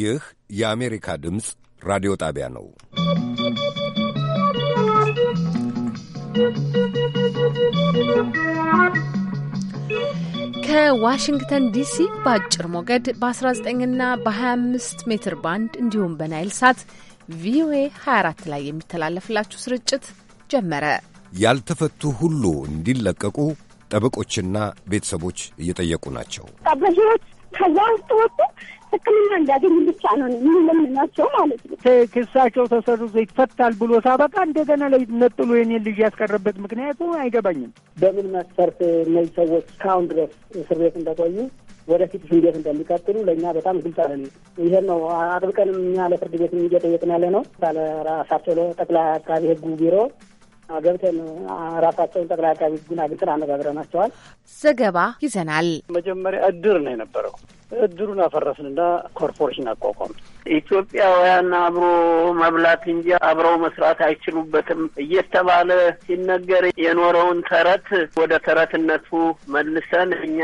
ይህ የአሜሪካ ድምፅ ራዲዮ ጣቢያ ነው። ከዋሽንግተን ዲሲ በአጭር ሞገድ በ19 ና በ25 ሜትር ባንድ እንዲሁም በናይል ሳት ቪኦኤ 24 ላይ የሚተላለፍላችሁ ስርጭት ጀመረ። ያልተፈቱ ሁሉ እንዲለቀቁ ጠበቆችና ቤተሰቦች እየጠየቁ ናቸው። ጠበቆች ከዛ ውስጥ ወጥቶ ሕክምና እንዲያገኝ ብቻ ነው የሚለምናቸው ማለት ነው። ክሳቸው ተሰርዞ ይፈታል ብሎ ሳበቃ እንደገና ላይ ነጥሎ የኔን ልጅ ያስቀረበት ምክንያቱ አይገባኝም። በምን መስፈርት እነዚህ ሰዎች እስካሁን ድረስ እስር ቤት እንደቆዩ ወደፊት እንዴት እንደሚቀጥሉ ለእኛ በጣም ግልጽ አለ። ይሄን ነው አጥብቀንም እኛ ለፍርድ ቤት እየጠየቅን ያለ ነው። ባለራሳቸው ጠቅላይ አቃቢ ህጉ ቢሮ ገብተን ራሳቸውን ጠቅላይ አቃቢ ሕጉን አግኝተን አነጋግረናቸዋል። ዘገባ ይዘናል። መጀመሪያ እድር ነው የነበረው እድሩን አፈረስንና ኮርፖሬሽን አቋቋም። ኢትዮጵያውያን አብሮ መብላት እንጂ አብረው መስራት አይችሉበትም እየተባለ ሲነገር የኖረውን ተረት ወደ ተረትነቱ መልሰን እኛ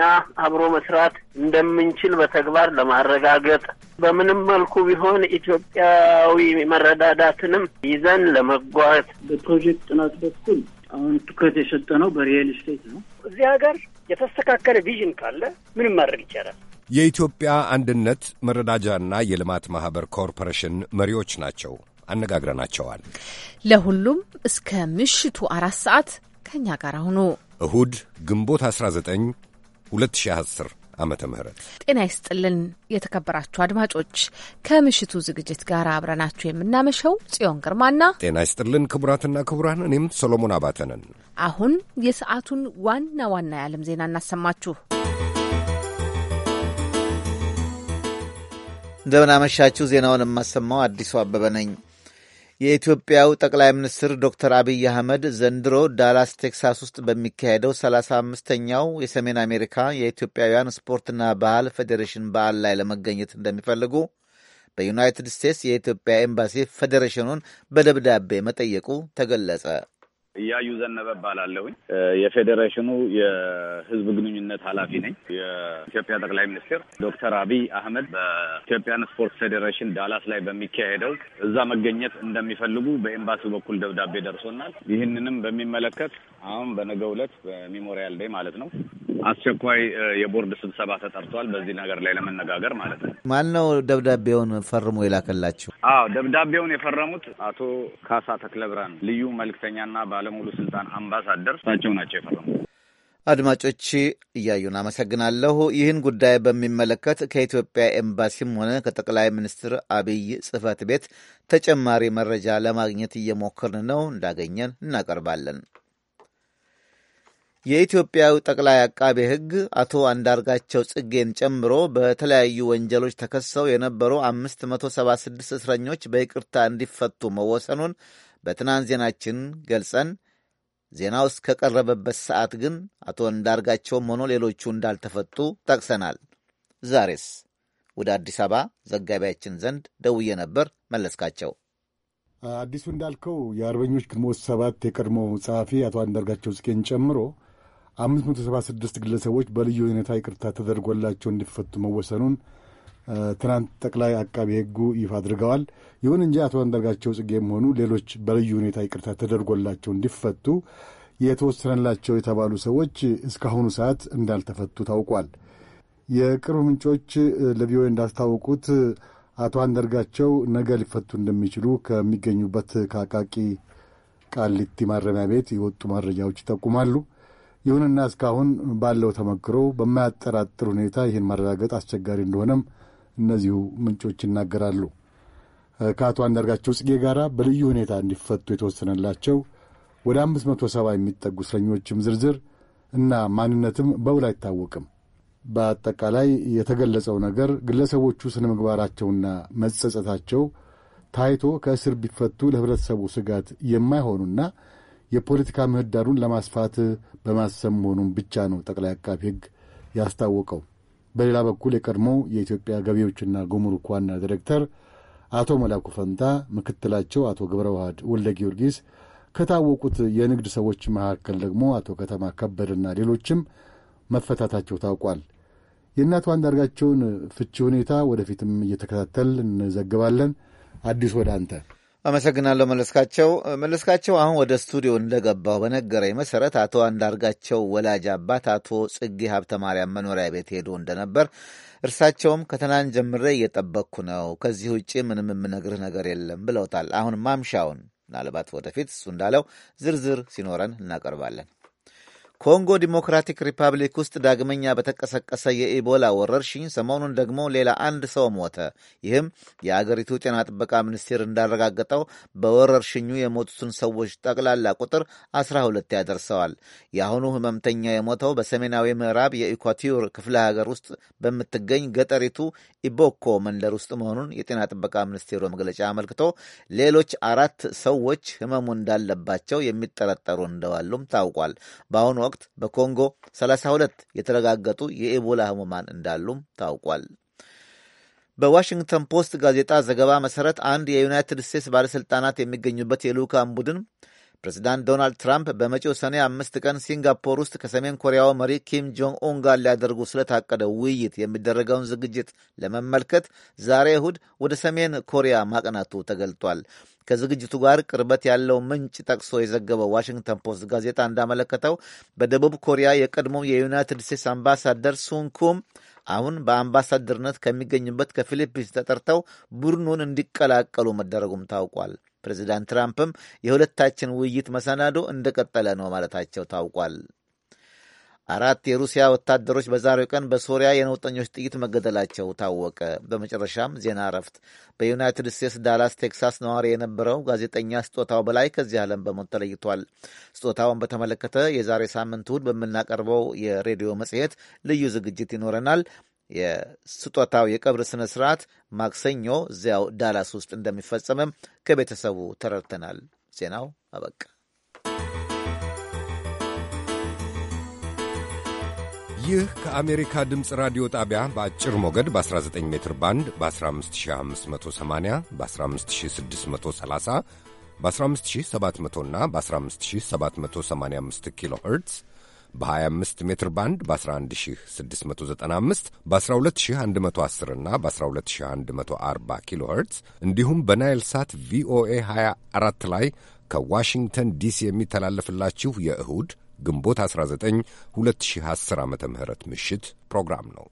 አብሮ መስራት እንደምንችል በተግባር ለማረጋገጥ በምንም መልኩ ቢሆን ኢትዮጵያዊ መረዳዳትንም ይዘን ለመጓዝ በፕሮጀክት ጥናት በኩል አሁን ትኩረት የሰጠ ነው ስቴት ነው። እዚህ ሀገር የተስተካከለ ቪዥን ካለ ምንም ማድረግ ይቻላል። የኢትዮጵያ አንድነት መረዳጃና የልማት ማኅበር ኮርፖሬሽን መሪዎች ናቸው። አነጋግረናቸዋል። ለሁሉም እስከ ምሽቱ አራት ሰዓት ከእኛ ጋር አሁኑ እሁድ ግንቦት 19 2010 ዓመተ ምህረት ጤና ይስጥልን። የተከበራችሁ አድማጮች ከምሽቱ ዝግጅት ጋር አብረናችሁ የምናመሸው ጽዮን ግርማና ጤና ይስጥልን ክቡራትና ክቡራን፣ እኔም ሰሎሞን አባተ ነን። አሁን የሰዓቱን ዋና ዋና የዓለም ዜና እናሰማችሁ። እንደምናመሻችሁ ዜናውን የማሰማው አዲሱ አበበ ነኝ። የኢትዮጵያው ጠቅላይ ሚኒስትር ዶክተር አብይ አህመድ ዘንድሮ ዳላስ ቴክሳስ ውስጥ በሚካሄደው 35 ተኛው የሰሜን አሜሪካ የኢትዮጵያውያን ስፖርትና ባህል ፌዴሬሽን በዓል ላይ ለመገኘት እንደሚፈልጉ በዩናይትድ ስቴትስ የኢትዮጵያ ኤምባሲ ፌዴሬሽኑን በደብዳቤ መጠየቁ ተገለጸ። እያዩ ዘነበ እባላለሁኝ። የፌዴሬሽኑ የህዝብ ግንኙነት ኃላፊ ነኝ። የኢትዮጵያ ጠቅላይ ሚኒስትር ዶክተር አብይ አህመድ በኢትዮጵያን ስፖርት ፌዴሬሽን ዳላስ ላይ በሚካሄደው እዛ መገኘት እንደሚፈልጉ በኤምባሲ በኩል ደብዳቤ ደርሶናል። ይህንንም በሚመለከት አሁን በነገው ዕለት በሚሞሪያል ዴይ ማለት ነው አስቸኳይ የቦርድ ስብሰባ ተጠርቷል። በዚህ ነገር ላይ ለመነጋገር ማለት ነው። ማን ነው ደብዳቤውን ፈርሞ የላከላቸው? አዎ ደብዳቤውን የፈረሙት አቶ ካሳ ተክለብርሃን ልዩ መልክተኛና ባለሙሉ ስልጣን አምባሳደር እሳቸው ናቸው የፈረሙት። አድማጮች እያዩን አመሰግናለሁ። ይህን ጉዳይ በሚመለከት ከኢትዮጵያ ኤምባሲም ሆነ ከጠቅላይ ሚኒስትር አብይ ጽህፈት ቤት ተጨማሪ መረጃ ለማግኘት እየሞከርን ነው። እንዳገኘን እናቀርባለን። የኢትዮጵያው ጠቅላይ አቃቤ ሕግ አቶ አንዳርጋቸው ጽጌን ጨምሮ በተለያዩ ወንጀሎች ተከሰው የነበሩ 576 እስረኞች በይቅርታ እንዲፈቱ መወሰኑን በትናንት ዜናችን ገልጸን ዜናው እስከቀረበበት ሰዓት ግን አቶ አንዳርጋቸውም ሆኖ ሌሎቹ እንዳልተፈቱ ጠቅሰናል። ዛሬስ ወደ አዲስ አበባ ዘጋቢያችን ዘንድ ደውዬ ነበር። መለስካቸው አዲሱ እንዳልከው የአርበኞች ግንቦት ሰባት የቀድሞ ጸሐፊ አቶ አንዳርጋቸው ጽጌን ጨምሮ 576 ግለሰቦች በልዩ ሁኔታ ይቅርታ ተደርጎላቸው እንዲፈቱ መወሰኑን ትናንት ጠቅላይ አቃቢ ሕጉ ይፋ አድርገዋል። ይሁን እንጂ አቶ አንዳርጋቸው ጽጌም ሆኑ ሌሎች በልዩ ሁኔታ ይቅርታ ተደርጎላቸው እንዲፈቱ የተወሰነላቸው የተባሉ ሰዎች እስካሁኑ ሰዓት እንዳልተፈቱ ታውቋል። የቅርብ ምንጮች ለቪኦኤ እንዳስታወቁት አቶ አንደርጋቸው ነገ ሊፈቱ እንደሚችሉ ከሚገኙበት ከአቃቂ ቃሊቲ ማረሚያ ቤት የወጡ መረጃዎች ይጠቁማሉ። ይሁንና እስካሁን ባለው ተመክሮ በማያጠራጥር ሁኔታ ይህን ማረጋገጥ አስቸጋሪ እንደሆነም እነዚሁ ምንጮች ይናገራሉ። ከአቶ አንዳርጋቸው ጽጌ ጋር በልዩ ሁኔታ እንዲፈቱ የተወሰነላቸው ወደ አምስት መቶ ሰባ የሚጠጉ እስረኞችም ዝርዝር እና ማንነትም በውል አይታወቅም። በአጠቃላይ የተገለጸው ነገር ግለሰቦቹ ስነ ምግባራቸውና መጸጸታቸው ታይቶ ከእስር ቢፈቱ ለህብረተሰቡ ስጋት የማይሆኑና የፖለቲካ ምህዳሩን ለማስፋት በማሰብ መሆኑን ብቻ ነው ጠቅላይ አቃቢ ሕግ ያስታወቀው። በሌላ በኩል የቀድሞ የኢትዮጵያ ገቢዎችና ጉምሩክ ዋና ዲሬክተር አቶ መላኩ ፈንታ፣ ምክትላቸው አቶ ግብረ ዋህድ ወልደ ጊዮርጊስ፣ ከታወቁት የንግድ ሰዎች መካከል ደግሞ አቶ ከተማ ከበድና ሌሎችም መፈታታቸው ታውቋል። የእናቱ አንዳርጋቸውን ፍቺ ሁኔታ ወደፊትም እየተከታተል እንዘግባለን። አዲስ ወደ አንተ አመሰግናለሁ መለስካቸው። መለስካቸው አሁን ወደ ስቱዲዮ እንደገባው በነገረኝ መሰረት አቶ አንዳርጋቸው ወላጅ አባት አቶ ጽጌ ሀብተ ማርያም መኖሪያ ቤት ሄዶ እንደነበር እርሳቸውም ከትናንት ጀምሬ እየጠበቅኩ ነው፣ ከዚህ ውጭ ምንም የምነግርህ ነገር የለም ብለውታል። አሁን ማምሻውን ምናልባት ወደፊት እሱ እንዳለው ዝርዝር ሲኖረን እናቀርባለን። ኮንጎ ዲሞክራቲክ ሪፐብሊክ ውስጥ ዳግመኛ በተቀሰቀሰ የኢቦላ ወረርሽኝ ሰሞኑን ደግሞ ሌላ አንድ ሰው ሞተ። ይህም የአገሪቱ ጤና ጥበቃ ሚኒስቴር እንዳረጋገጠው በወረርሽኙ የሞቱትን ሰዎች ጠቅላላ ቁጥር 12 ያደርሰዋል። የአሁኑ ህመምተኛ የሞተው በሰሜናዊ ምዕራብ የኢኳቲር ክፍለ ሀገር ውስጥ በምትገኝ ገጠሪቱ ኢቦኮ መንደር ውስጥ መሆኑን የጤና ጥበቃ ሚኒስቴሩ መግለጫ አመልክቶ ሌሎች አራት ሰዎች ህመሙ እንዳለባቸው የሚጠረጠሩ እንደዋሉም ታውቋል። በአሁኑ ወቅት በኮንጎ 32 የተረጋገጡ የኢቦላ ህሙማን እንዳሉም ታውቋል። በዋሽንግተን ፖስት ጋዜጣ ዘገባ መሠረት አንድ የዩናይትድ ስቴትስ ባለሥልጣናት የሚገኙበት የልዑካን ቡድን ፕሬዚዳንት ዶናልድ ትራምፕ በመጪው ሰኔ አምስት ቀን ሲንጋፖር ውስጥ ከሰሜን ኮሪያው መሪ ኪም ጆንግ ኡን ጋር ሊያደርጉ ስለታቀደ ውይይት የሚደረገውን ዝግጅት ለመመልከት ዛሬ እሁድ ወደ ሰሜን ኮሪያ ማቅናቱ ተገልጧል። ከዝግጅቱ ጋር ቅርበት ያለው ምንጭ ጠቅሶ የዘገበው ዋሽንግተን ፖስት ጋዜጣ እንዳመለከተው በደቡብ ኮሪያ የቀድሞ የዩናይትድ ስቴትስ አምባሳደር ሱንኩም አሁን በአምባሳደርነት ከሚገኝበት ከፊሊፒንስ ተጠርተው ቡድኑን እንዲቀላቀሉ መደረጉም ታውቋል። ፕሬዚዳንት ትራምፕም የሁለታችን ውይይት መሰናዶ እንደቀጠለ ነው ማለታቸው ታውቋል። አራት የሩሲያ ወታደሮች በዛሬው ቀን በሶሪያ የነውጠኞች ጥይት መገደላቸው ታወቀ። በመጨረሻም ዜና እረፍት። በዩናይትድ ስቴትስ ዳላስ ቴክሳስ ነዋሪ የነበረው ጋዜጠኛ ስጦታው በላይ ከዚህ ዓለም በሞት ተለይቷል። ስጦታውን በተመለከተ የዛሬ ሳምንት እሁድ በምናቀርበው የሬዲዮ መጽሔት ልዩ ዝግጅት ይኖረናል። የስጦታው የቀብር ስነ ስርዓት ማክሰኞ እዚያው ዳላስ ውስጥ እንደሚፈጸምም ከቤተሰቡ ተረድተናል። ዜናው አበቃ። ይህ ከአሜሪካ ድምፅ ራዲዮ ጣቢያ በአጭር ሞገድ በ19 ሜትር ባንድ በ15580 በ15630 በ15700 እና በ15785 ኪሎ ኸርትዝ በ25 ሜትር ባንድ በ11695 በ12110 እና በ12140 ኪሎ ሄርትዝ እንዲሁም በናይል ሳት ቪኦኤ 24 ላይ ከዋሽንግተን ዲሲ የሚተላለፍላችሁ የእሁድ ግንቦት 19 2010 ዓ ም ምሽት ፕሮግራም ነው።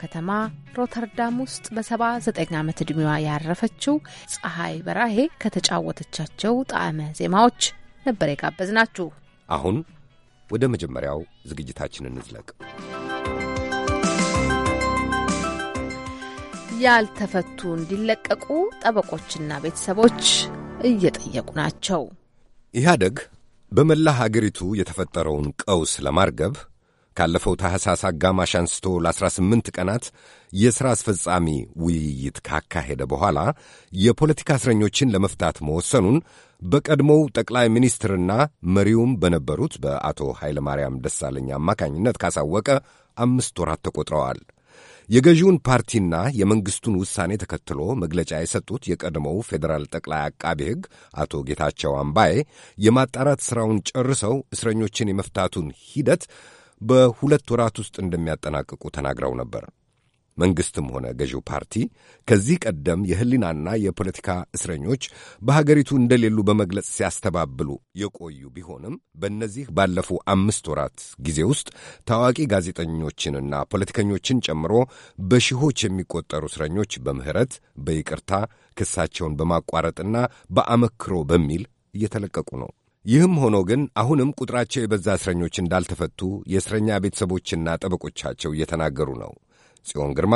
ከተማ ሮተርዳም ውስጥ በ79 ዓመት ዕድሜዋ ያረፈችው ፀሐይ በራሄ ከተጫወተቻቸው ጣዕመ ዜማዎች ነበር የጋበዝናችሁ። አሁን ወደ መጀመሪያው ዝግጅታችን እንዝለቅ። ያልተፈቱ እንዲለቀቁ ጠበቆችና ቤተሰቦች እየጠየቁ ናቸው። ኢህአደግ በመላ ሀገሪቱ የተፈጠረውን ቀውስ ለማርገብ ካለፈው ታህሳስ አጋማሽ አንስቶ ለ18 ቀናት የሥራ አስፈጻሚ ውይይት ካካሄደ በኋላ የፖለቲካ እስረኞችን ለመፍታት መወሰኑን በቀድሞው ጠቅላይ ሚኒስትርና መሪውም በነበሩት በአቶ ኃይለማርያም ደሳለኝ አማካኝነት ካሳወቀ አምስት ወራት ተቆጥረዋል። የገዢውን ፓርቲና የመንግሥቱን ውሳኔ ተከትሎ መግለጫ የሰጡት የቀድሞው ፌዴራል ጠቅላይ አቃቤ ሕግ አቶ ጌታቸው አምባዬ የማጣራት ሥራውን ጨርሰው እስረኞችን የመፍታቱን ሂደት በሁለት ወራት ውስጥ እንደሚያጠናቅቁ ተናግረው ነበር። መንግሥትም ሆነ ገዢው ፓርቲ ከዚህ ቀደም የሕሊናና የፖለቲካ እስረኞች በሀገሪቱ እንደሌሉ በመግለጽ ሲያስተባብሉ የቆዩ ቢሆንም በእነዚህ ባለፉ አምስት ወራት ጊዜ ውስጥ ታዋቂ ጋዜጠኞችንና ፖለቲከኞችን ጨምሮ በሺሆች የሚቆጠሩ እስረኞች በምህረት በይቅርታ ክሳቸውን በማቋረጥና በአመክሮ በሚል እየተለቀቁ ነው። ይህም ሆኖ ግን አሁንም ቁጥራቸው የበዛ እስረኞች እንዳልተፈቱ የእስረኛ ቤተሰቦችና ጠበቆቻቸው እየተናገሩ ነው። ጽዮን ግርማ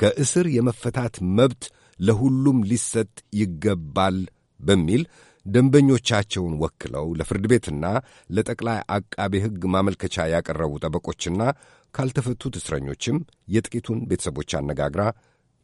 ከእስር የመፈታት መብት ለሁሉም ሊሰጥ ይገባል በሚል ደንበኞቻቸውን ወክለው ለፍርድ ቤትና ለጠቅላይ አቃቤ ሕግ ማመልከቻ ያቀረቡ ጠበቆችና ካልተፈቱት እስረኞችም የጥቂቱን ቤተሰቦች አነጋግራ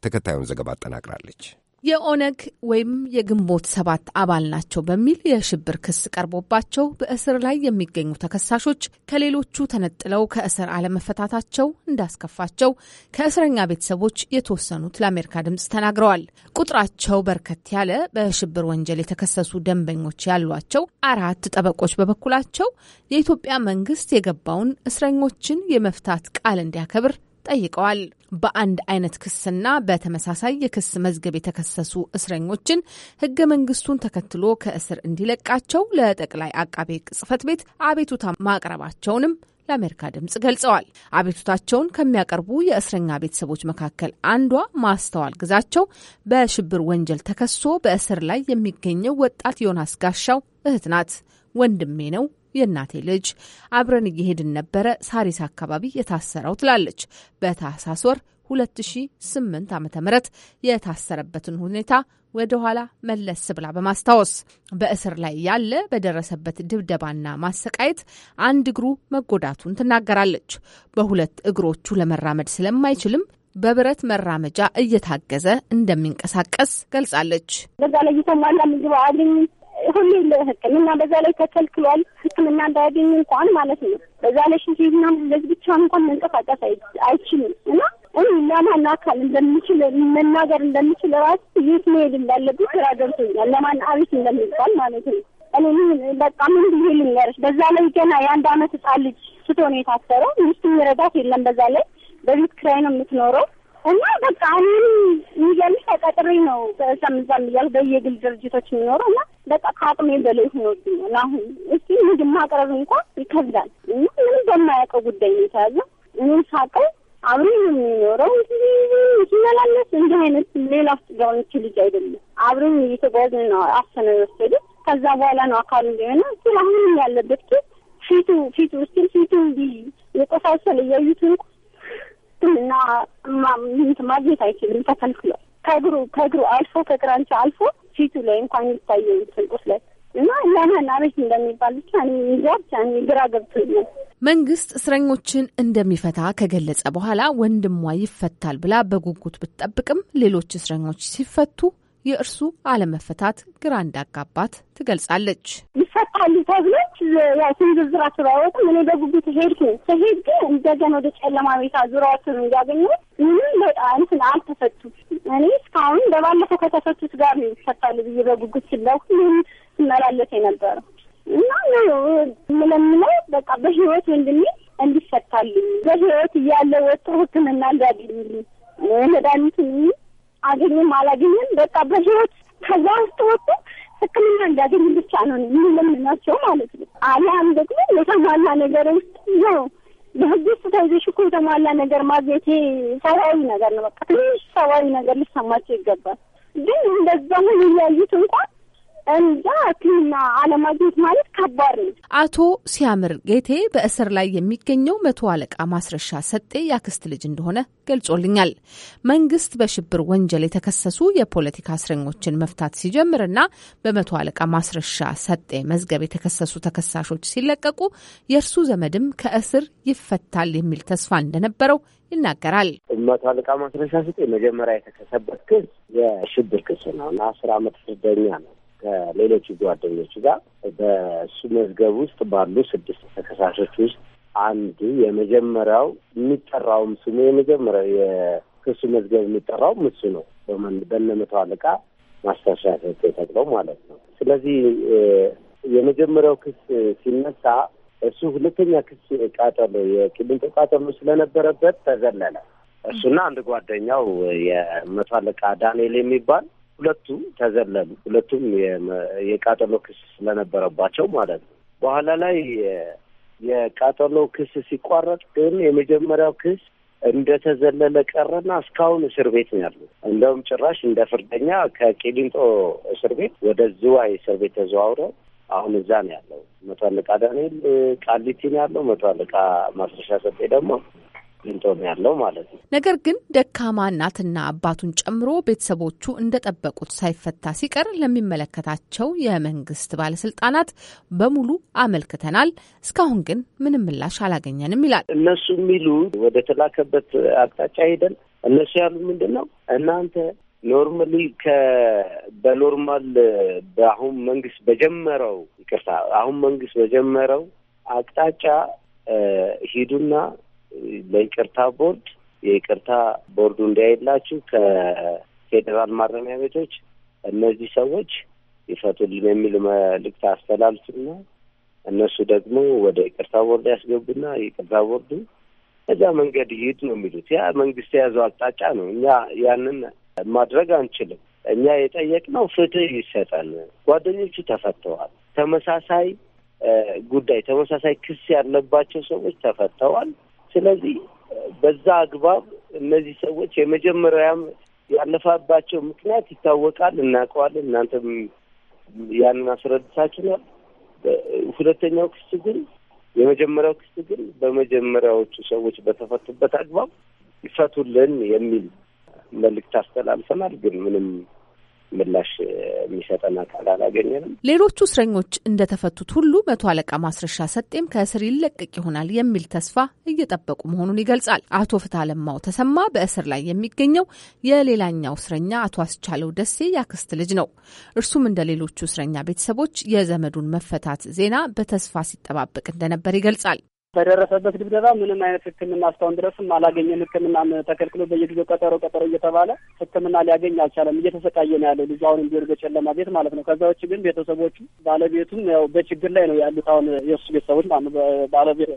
ተከታዩን ዘገባ አጠናቅራለች። የኦነግ ወይም የግንቦት ሰባት አባል ናቸው በሚል የሽብር ክስ ቀርቦባቸው በእስር ላይ የሚገኙ ተከሳሾች ከሌሎቹ ተነጥለው ከእስር አለመፈታታቸው እንዳስከፋቸው ከእስረኛ ቤተሰቦች የተወሰኑት ለአሜሪካ ድምጽ ተናግረዋል። ቁጥራቸው በርከት ያለ በሽብር ወንጀል የተከሰሱ ደንበኞች ያሏቸው አራት ጠበቆች በበኩላቸው የኢትዮጵያ መንግስት የገባውን እስረኞችን የመፍታት ቃል እንዲያከብር ጠይቀዋል። በአንድ አይነት ክስና በተመሳሳይ የክስ መዝገብ የተከሰሱ እስረኞችን ህገ መንግስቱን ተከትሎ ከእስር እንዲለቃቸው ለጠቅላይ አቃቤ ህግ ጽሕፈት ቤት አቤቱታ ማቅረባቸውንም ለአሜሪካ ድምጽ ገልጸዋል። አቤቱታቸውን ከሚያቀርቡ የእስረኛ ቤተሰቦች መካከል አንዷ ማስተዋል ግዛቸው በሽብር ወንጀል ተከሶ በእስር ላይ የሚገኘው ወጣት ዮናስ ጋሻው እህት ናት። ወንድሜ ነው የእናቴ ልጅ አብረን እየሄድን ነበረ፣ ሳሪስ አካባቢ የታሰረው ትላለች። በታህሳስ ወር 2008 ዓ ም የታሰረበትን ሁኔታ ወደኋላ መለስ ብላ በማስታወስ በእስር ላይ ያለ በደረሰበት ድብደባና ማሰቃየት አንድ እግሩ መጎዳቱን ትናገራለች። በሁለት እግሮቹ ለመራመድ ስለማይችልም በብረት መራመጃ እየታገዘ እንደሚንቀሳቀስ ገልጻለች። በዛ አግኝ ሁሌ ለሕክምና በዛ ላይ ተከልክሏል። ሕክምና እንዳያገኝ እንኳን ማለት ነው። በዛ ላይ ሽንትና መለስ ብቻ እንኳን መንቀሳቀስ አይችልም እና እኔ ለማን አካል እንደምችል መናገር እንደምችል ራሱ የት መሄድ እንዳለብኝ ስራ ገብቶኛል። ለማን አቤት እንደሚባል ማለት ነው። እኔ በቃ ምን ብዬ ልንገርሽ? በዛ ላይ ገና የአንድ አመት ህጻን ልጅ ስቶ የታሰረው። ሚስቱ የሚረዳት የለም። በዛ ላይ በቤት ክራይ ነው የምትኖረው። እና በቃ አሁንም የሚገርምሽ ተቀጥሬ ነው በዛም እዛም በየግል ድርጅቶች የሚኖረው እና በቃ ከአቅሜ በላይ ሆኖብኛል። አሁን እስቲ ምግብ ማቅረብ እንኳ ይከብዳል። እና ምንም በማያውቀው ጉዳይ ነው የተያዘ እኔም ሳቀው አብሮ ነው የሚኖረው ሲመላለስ እንዲህ አይነት ሌላ ውስጥ ገባች ልጅ አይደለም። አብሬን እየተጓዝን ነው አፍሰነ ወሰደ። ከዛ በኋላ ነው አካሉ እንዲሆነ ስለ አሁንም ያለበት ፊቱ ፊቱ ስል ፊቱ እንዲህ የቆሳሰለ እያዩት እንኳ እና ምንት ማግኘት አይችልም ተከልክሏል። ከእግሩ ከእግሩ አልፎ ከግራንች አልፎ ፊቱ ላይ እንኳን የሚታየው ትንቁስ ላይ እና ለምን አቤት እንደሚባል ብቻ ይዛ ብቻ ግራ ገብቶኛል። መንግስት እስረኞችን እንደሚፈታ ከገለጸ በኋላ ወንድሟ ይፈታል ብላ በጉጉት ብትጠብቅም ሌሎች እስረኞች ሲፈቱ የእርሱ አለመፈታት ግራ እንዳጋባት ትገልጻለች። ይፈታሉ ተብሎች ያው ስንዝርዝራቸው ባይወጡም እኔ በጉጉት ሄድኩ። ስሄድ ግን እንደገና ወደ ጨለማ ቤት ዙሪያቸውን እንዲያገኙ ምንም ለጣ እንትን አልተፈቱም። እኔ እስካሁን በባለፈው ከተፈቱት ጋር ነው ይፈታሉ ብዬ በጉጉት ስለው ሁሉም ስመላለስ የነበረ እና ምለምለው በቃ በህይወት ወንድሜ እንዲፈታልኝ በህይወት እያለ ወጥቶ ሕክምና እንዳገኝልኝ መድኃኒቱን አገኝም አላገኝም በቃ በህይወት ከዛ ውስጥ ወጥቶ እንዲያገኝ ብቻ ነው የምንለምናቸው ማለት ነው። አሊያም ደግሞ የተሟላ ነገር ውስጥ ነው በህግ ውስጥ ተይዘሽ እኮ የተሟላ ነገር ማግኘቴ ሰብአዊ ነገር ነው። በቃ ትንሽ ሰብአዊ ነገር ሊሰማቸው ይገባል። ግን እንደዛ ምን እያዩት እንኳን እንጃ ሕክምና አለማግኘት ማለት ከባድ ነው። አቶ ሲያምር ጌቴ በእስር ላይ የሚገኘው መቶ አለቃ ማስረሻ ሰጤ ያክስት ልጅ እንደሆነ ገልጾልኛል። መንግስት በሽብር ወንጀል የተከሰሱ የፖለቲካ እስረኞችን መፍታት ሲጀምርና በመቶ አለቃ ማስረሻ ሰጤ መዝገብ የተከሰሱ ተከሳሾች ሲለቀቁ የእርሱ ዘመድም ከእስር ይፈታል የሚል ተስፋ እንደነበረው ይናገራል። መቶ አለቃ ማስረሻ ሰጤ መጀመሪያ የተከሰበት ክስ የሽብር ክስ ነው እና አስር አመት ፍርደኛ ነው ከሌሎቹ ጓደኞች ጋር በእሱ መዝገብ ውስጥ ባሉ ስድስት ተከሳሾች ውስጥ አንዱ የመጀመሪያው የሚጠራውም ስሙ የመጀመሪያው የክሱ መዝገብ የሚጠራውም እሱ ነው። በእነ መቶ አለቃ ማስታወሻ ተጠቅለው ማለት ነው። ስለዚህ የመጀመሪያው ክስ ሲነሳ እሱ ሁለተኛ ክስ ቃጠሎ የቂሊንጦ ቃጠሎ ስለነበረበት ተዘለለ። እሱና አንድ ጓደኛው የመቶ አለቃ ዳንኤል የሚባል ሁለቱ ተዘለሉ። ሁለቱም የቃጠሎ ክስ ስለነበረባቸው ማለት ነው። በኋላ ላይ የቃጠሎ ክስ ሲቋረጥ ግን የመጀመሪያው ክስ እንደተዘለለ ቀረና እስካሁን እስር ቤት ነው ያሉ። እንደውም ጭራሽ እንደ ፍርደኛ ከቂሊንጦ እስር ቤት ወደ ዝዋይ እስር ቤት ተዘዋውረ አሁን እዛ ነው ያለው። መቶ አለቃ ዳንኤል ቃሊቲ ነው ያለው። መቶ አለቃ ማስረሻ ሰጤ ደግሞ ቂሊንጦ ያለው ማለት ነው። ነገር ግን ደካማ እናትና አባቱን ጨምሮ ቤተሰቦቹ እንደጠበቁት ሳይፈታ ሲቀር ለሚመለከታቸው የመንግስት ባለስልጣናት በሙሉ አመልክተናል፣ እስካሁን ግን ምንም ምላሽ አላገኘንም ይላል። እነሱ የሚሉ ወደ ተላከበት አቅጣጫ ሄደን እነሱ ያሉ ምንድን ነው እናንተ ኖርማሊ በኖርማል በአሁን መንግስት በጀመረው ይቅርታ፣ አሁን መንግስት በጀመረው አቅጣጫ ሂዱና ለይቅርታ ቦርድ የይቅርታ ቦርዱ እንዳይላችሁ ከፌዴራል ማረሚያ ቤቶች እነዚህ ሰዎች ይፈቱልን የሚል መልእክት አስተላልፍና እነሱ ደግሞ ወደ ይቅርታ ቦርድ ያስገቡና ይቅርታ ቦርዱ እዛ መንገድ ይሄድ ነው የሚሉት። ያ መንግስት የያዘው አቅጣጫ ነው። እኛ ያንን ማድረግ አንችልም። እኛ የጠየቅነው ፍትህ ይሰጠን። ጓደኞቹ ተፈተዋል። ተመሳሳይ ጉዳይ ተመሳሳይ ክስ ያለባቸው ሰዎች ተፈተዋል። ስለዚህ በዛ አግባብ እነዚህ ሰዎች የመጀመሪያም ያለፋባቸው ምክንያት ይታወቃል፣ እናውቀዋለን። እናንተም ያንን አስረድታችኋል። ሁለተኛው ክስ ግን የመጀመሪያው ክስ ግን በመጀመሪያዎቹ ሰዎች በተፈቱበት አግባብ ይፈቱልን የሚል መልእክት አስተላልፈናል። ግን ምንም ምላሽ የሚሰጠን አካል አላገኘንም። ሌሎቹ እስረኞች እንደተፈቱት ሁሉ መቶ አለቃ ማስረሻ ሰጤም ከእስር ይለቀቅ ይሆናል የሚል ተስፋ እየጠበቁ መሆኑን ይገልጻል። አቶ ፍታለማው ተሰማ በእስር ላይ የሚገኘው የሌላኛው እስረኛ አቶ አስቻለው ደሴ ያክስት ልጅ ነው። እርሱም እንደ ሌሎቹ እስረኛ ቤተሰቦች የዘመዱን መፈታት ዜና በተስፋ ሲጠባበቅ እንደነበር ይገልጻል። በደረሰበት ድብደባ ምንም አይነት ሕክምና እስካሁን ድረስም አላገኘም። ሕክምናም ተከልክሎ በየጊዜው ቀጠሮ ቀጠሮ እየተባለ ሕክምና ሊያገኝ አልቻለም። እየተሰቃየ ነው ያለው ልጁ አሁንም ቢሆን በጨለማ ቤት ማለት ነው። ከዛ ውጭ ግን ቤተሰቦቹ ባለቤቱም ያው በችግር ላይ ነው ያሉት። አሁን የእሱ ቤተሰቦች ማለት ባለቤት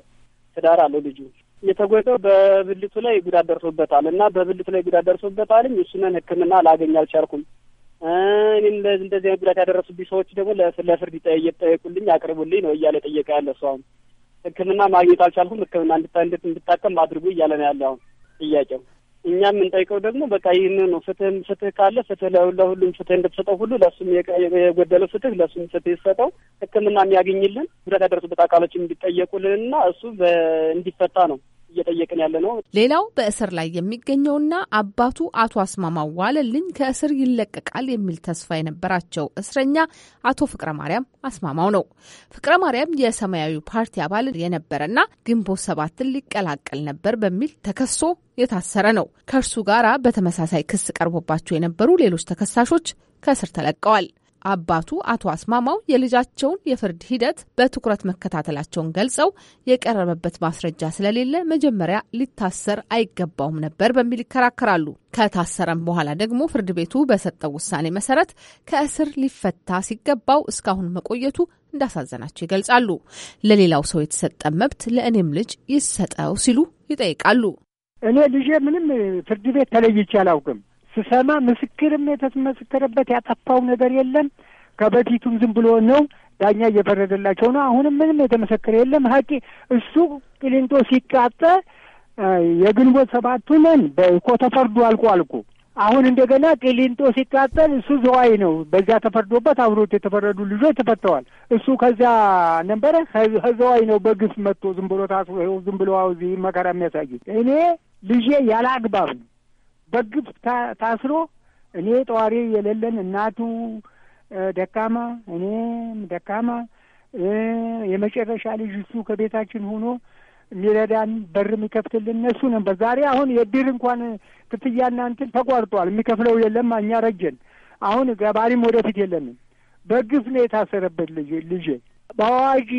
ትዳር አለው ልጁ የተጎዳው በብልቱ ላይ ጉዳት ደርሶበታል እና በብልቱ ላይ ጉዳት ደርሶበታል። እሱንን ሕክምና ላገኝ አልቻልኩም። እኔም እንደዚህ ጉዳት ያደረሱብኝ ሰዎች ደግሞ ለፍርድ እየጠየቁልኝ አቅርቡልኝ ነው እያለ ጠየቀ ያለ እሱ አሁን ህክምና ማግኘት አልቻልኩም፣ ህክምና እንድት እንድታቀም አድርጉ እያለ ነው ያለ አሁን ጥያቄው። እኛ የምንጠይቀው ደግሞ በቃ ይህን ነው። ፍትህም ፍትህ ካለ ፍትህ ለሁሉም ፍትህ እንድትሰጠው ሁሉ ለሱም የጎደለው ፍትህ ለሱም ፍትህ ይሰጠው፣ ህክምና የሚያገኝልን ጉዳት ያደረሱበት አካሎች እንዲጠየቁልንና እሱ እንዲፈታ ነው እየጠየቅን ያለ ነው። ሌላው በእስር ላይ የሚገኘውና አባቱ አቶ አስማማው ዋለልኝ ከእስር ይለቀቃል የሚል ተስፋ የነበራቸው እስረኛ አቶ ፍቅረ ማርያም አስማማው ነው። ፍቅረ ማርያም የሰማያዊ ፓርቲ አባል የነበረና ግንቦት ሰባትን ሊቀላቀል ነበር በሚል ተከሶ የታሰረ ነው። ከእርሱ ጋራ በተመሳሳይ ክስ ቀርቦባቸው የነበሩ ሌሎች ተከሳሾች ከእስር ተለቀዋል። አባቱ አቶ አስማማው የልጃቸውን የፍርድ ሂደት በትኩረት መከታተላቸውን ገልጸው የቀረበበት ማስረጃ ስለሌለ መጀመሪያ ሊታሰር አይገባውም ነበር በሚል ይከራከራሉ። ከታሰረም በኋላ ደግሞ ፍርድ ቤቱ በሰጠው ውሳኔ መሰረት ከእስር ሊፈታ ሲገባው እስካሁን መቆየቱ እንዳሳዘናቸው ይገልጻሉ። ለሌላው ሰው የተሰጠ መብት ለእኔም ልጅ ይሰጠው ሲሉ ይጠይቃሉ። እኔ ልጄ ምንም ፍርድ ቤት ተለይቼ አላውቅም። ስሰማ ምስክርም የተመሰከረበት ያጠፋው ነገር የለም። ከበፊቱም ዝም ብሎ ነው ዳኛ እየፈረደላቸው ነው። አሁንም ምንም የተመሰከረ የለም። ሀቂ እሱ ቅሊንጦ ሲቃጠል የግንቦት ሰባቱ ነን በእኮ ተፈርዶ አልቆ አልኩ። አሁን እንደገና ቅሊንጦ ሲቃጠል እሱ ዘዋይ ነው፣ በዚያ ተፈርዶበት አብሮት የተፈረዱ ልጆች ተፈተዋል። እሱ ከዚያ ነበረ ከዘዋይ ነው በግፍ መጥቶ ዝም ብሎ ታስሮ ዝም ብሎ እዚህ መከራ የሚያሳይ እኔ ልጄ ያለ አግባብ ነው በግፍ ታስሮ እኔ ጠዋሪ የሌለን እናቱ ደካማ እኔም ደካማ የመጨረሻ ልጅ እሱ ከቤታችን ሆኖ የሚረዳን በር የሚከፍትልን እነሱ ነበር። ዛሬ አሁን የድር እንኳን ክፍያና እንትን ተቋርጧል። የሚከፍለው የለም። እኛ ረጀን። አሁን ገባሪም ወደፊት የለንም። በግፍ ነው የታሰረበት ልጅ ልጄ በአዋጅ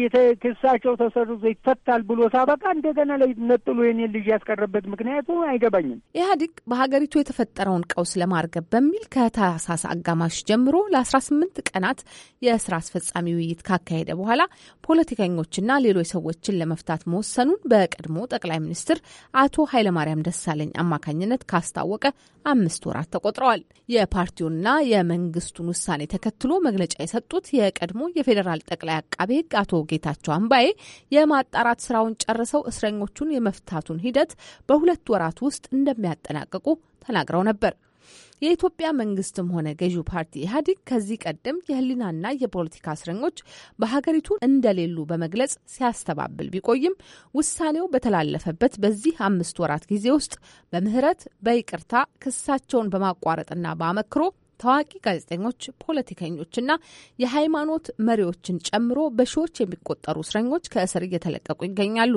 ክሳቸው ተሰርዞ ይፈታል ብሎ ሳበቃ እንደገና ላይ ነጥሎ ልጅ ያስቀረበት ምክንያቱ አይገባኝም። ኢህአዲግ በሀገሪቱ የተፈጠረውን ቀውስ ለማርገብ በሚል ከታህሳስ አጋማሽ ጀምሮ ለአስራ ስምንት ቀናት የስራ አስፈጻሚ ውይይት ካካሄደ በኋላ ፖለቲከኞችና ሌሎች ሰዎችን ለመፍታት መወሰኑን በቀድሞ ጠቅላይ ሚኒስትር አቶ ኃይለማርያም ደሳለኝ አማካኝነት ካስታወቀ አምስት ወራት ተቆጥረዋል። የፓርቲውንና የመንግስቱን ውሳኔ ተከትሎ መግለጫ የሰጡት የቀድሞ የፌዴራል ጠቅላይ አቃ አቃቤ ሕግ አቶ ጌታቸው አምባዬ የማጣራት ስራውን ጨርሰው እስረኞቹን የመፍታቱን ሂደት በሁለት ወራት ውስጥ እንደሚያጠናቅቁ ተናግረው ነበር። የኢትዮጵያ መንግስትም ሆነ ገዢው ፓርቲ ኢህአዴግ ከዚህ ቀደም የህሊናና የፖለቲካ እስረኞች በሀገሪቱ እንደሌሉ በመግለጽ ሲያስተባብል ቢቆይም ውሳኔው በተላለፈበት በዚህ አምስት ወራት ጊዜ ውስጥ በምህረት በይቅርታ ክሳቸውን በማቋረጥና በአመክሮ ታዋቂ ጋዜጠኞች፣ ፖለቲከኞችና የሃይማኖት መሪዎችን ጨምሮ በሺዎች የሚቆጠሩ እስረኞች ከእስር እየተለቀቁ ይገኛሉ።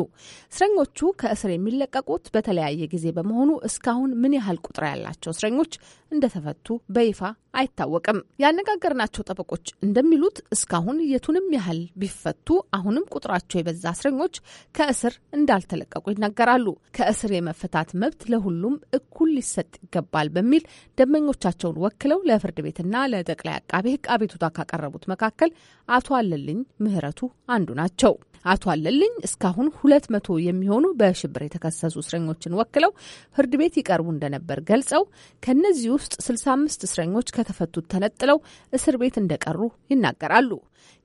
እስረኞቹ ከእስር የሚለቀቁት በተለያየ ጊዜ በመሆኑ እስካሁን ምን ያህል ቁጥር ያላቸው እስረኞች እንደተፈቱ በይፋ አይታወቅም። ያነጋገርናቸው ጠበቆች እንደሚሉት እስካሁን የቱንም ያህል ቢፈቱ አሁንም ቁጥራቸው የበዛ እስረኞች ከእስር እንዳልተለቀቁ ይናገራሉ። ከእስር የመፈታት መብት ለሁሉም እኩል ሊሰጥ ይገባል በሚል ደንበኞቻቸውን ወክለው ለፍርድ ቤትና ለጠቅላይ አቃቤ ሕግ አቤቱታ ካቀረቡት መካከል አቶ አለልኝ ምህረቱ አንዱ ናቸው። አቶ አለልኝ እስካሁን ሁለት መቶ የሚሆኑ በሽብር የተከሰሱ እስረኞችን ወክለው ፍርድ ቤት ይቀርቡ እንደነበር ገልጸው ከእነዚህ ውስጥ ስልሳ አምስት እስረኞች ከተፈቱት ተነጥለው እስር ቤት እንደቀሩ ይናገራሉ።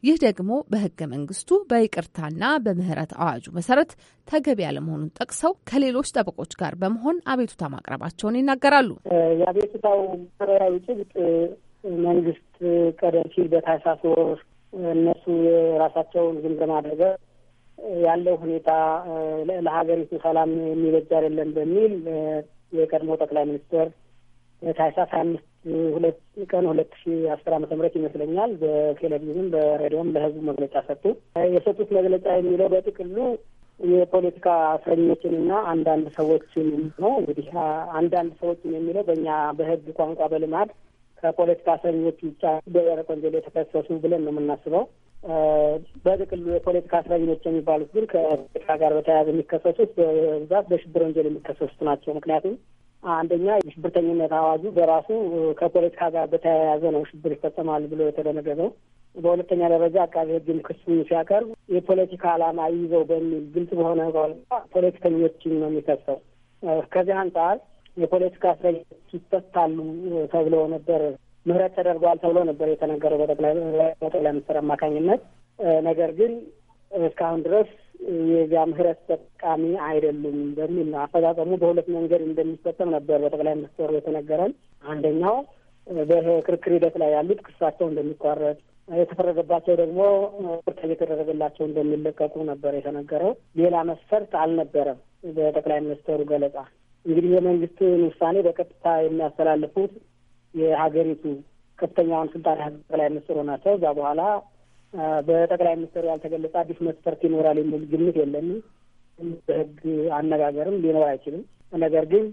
ይህ ደግሞ በህገ መንግስቱ በይቅርታና በምህረት አዋጁ መሰረት ተገቢ ያለመሆኑን ጠቅሰው ከሌሎች ጠበቆች ጋር በመሆን አቤቱታ ማቅረባቸውን ይናገራሉ። የአቤቱታው ሰራዊ ጭብጥ መንግስት ቀደም ሲል በታህሳስ ወር እነሱ የራሳቸውን ግምገማ አድርገው ያለው ሁኔታ ለሀገሪቱ ሰላም የሚበጅ አይደለም በሚል የቀድሞ ጠቅላይ ሚኒስትር ታህሳስ ሀያ አምስት ሁለት ቀን ሁለት ሺ አስር አመተ ምህረት ይመስለኛል በቴሌቪዥንም በሬዲዮም ለህዝቡ መግለጫ ሰጡ። የሰጡት መግለጫ የሚለው በጥቅሉ የፖለቲካ እስረኞችንና አንዳንድ ሰዎችን ነው። እንግዲህ አንዳንድ ሰዎችን የሚለው በእኛ በህግ ቋንቋ በልማድ ከፖለቲካ እስረኞች ውጭ በደረቅ ወንጀል የተከሰሱ ብለን ነው የምናስበው። በጥቅሉ የፖለቲካ እስረኞች የሚባሉት ግን ከፖለቲካ ጋር በተያያዘ የሚከሰሱት በብዛት በሽብር ወንጀል የሚከሰሱት ናቸው። ምክንያቱም አንደኛ የሽብርተኝነት አዋጁ በራሱ ከፖለቲካ ጋር በተያያዘ ነው ሽብር ይፈጸማል ብሎ የተደነገገው። በሁለተኛ ደረጃ አቃቤ ሕግም ክሱን ሲያቀርብ የፖለቲካ ዓላማ ይዘው በሚል ግልጽ በሆነ ፖለቲከኞችን ነው የሚከሰው። ከዚህ አንጻር የፖለቲካ እስረኞች ይፈታሉ ተብለው ነበር ምህረት ተደርጓል ተብሎ ነበር የተነገረው በጠቅላይ ሚኒስትር አማካኝነት። ነገር ግን እስካሁን ድረስ የዚያ ምህረት ተጠቃሚ አይደሉም በሚል ነው። አፈጻጸሙ በሁለት መንገድ እንደሚፈጸም ነበር በጠቅላይ ሚኒስትሩ የተነገረን። አንደኛው በክርክር ሂደት ላይ ያሉት ክሳቸው እንደሚቋረጥ የተፈረደባቸው ደግሞ ፍርድ እየተደረገላቸው እንደሚለቀቁ ነበር የተነገረው። ሌላ መስፈርት አልነበረም በጠቅላይ ሚኒስትሩ ገለጻ። እንግዲህ የመንግስትን ውሳኔ በቀጥታ የሚያስተላልፉት የሀገሪቱ ከፍተኛውን ስልጣን ህዝብ ጠቅላይ ሚኒስትር ሆናቸው እዛ በኋላ በጠቅላይ ሚኒስትሩ ያልተገለጸ አዲስ መስፈርት ይኖራል የሚል ግምት የለንም። በህግ አነጋገርም ሊኖር አይችልም። ነገር ግን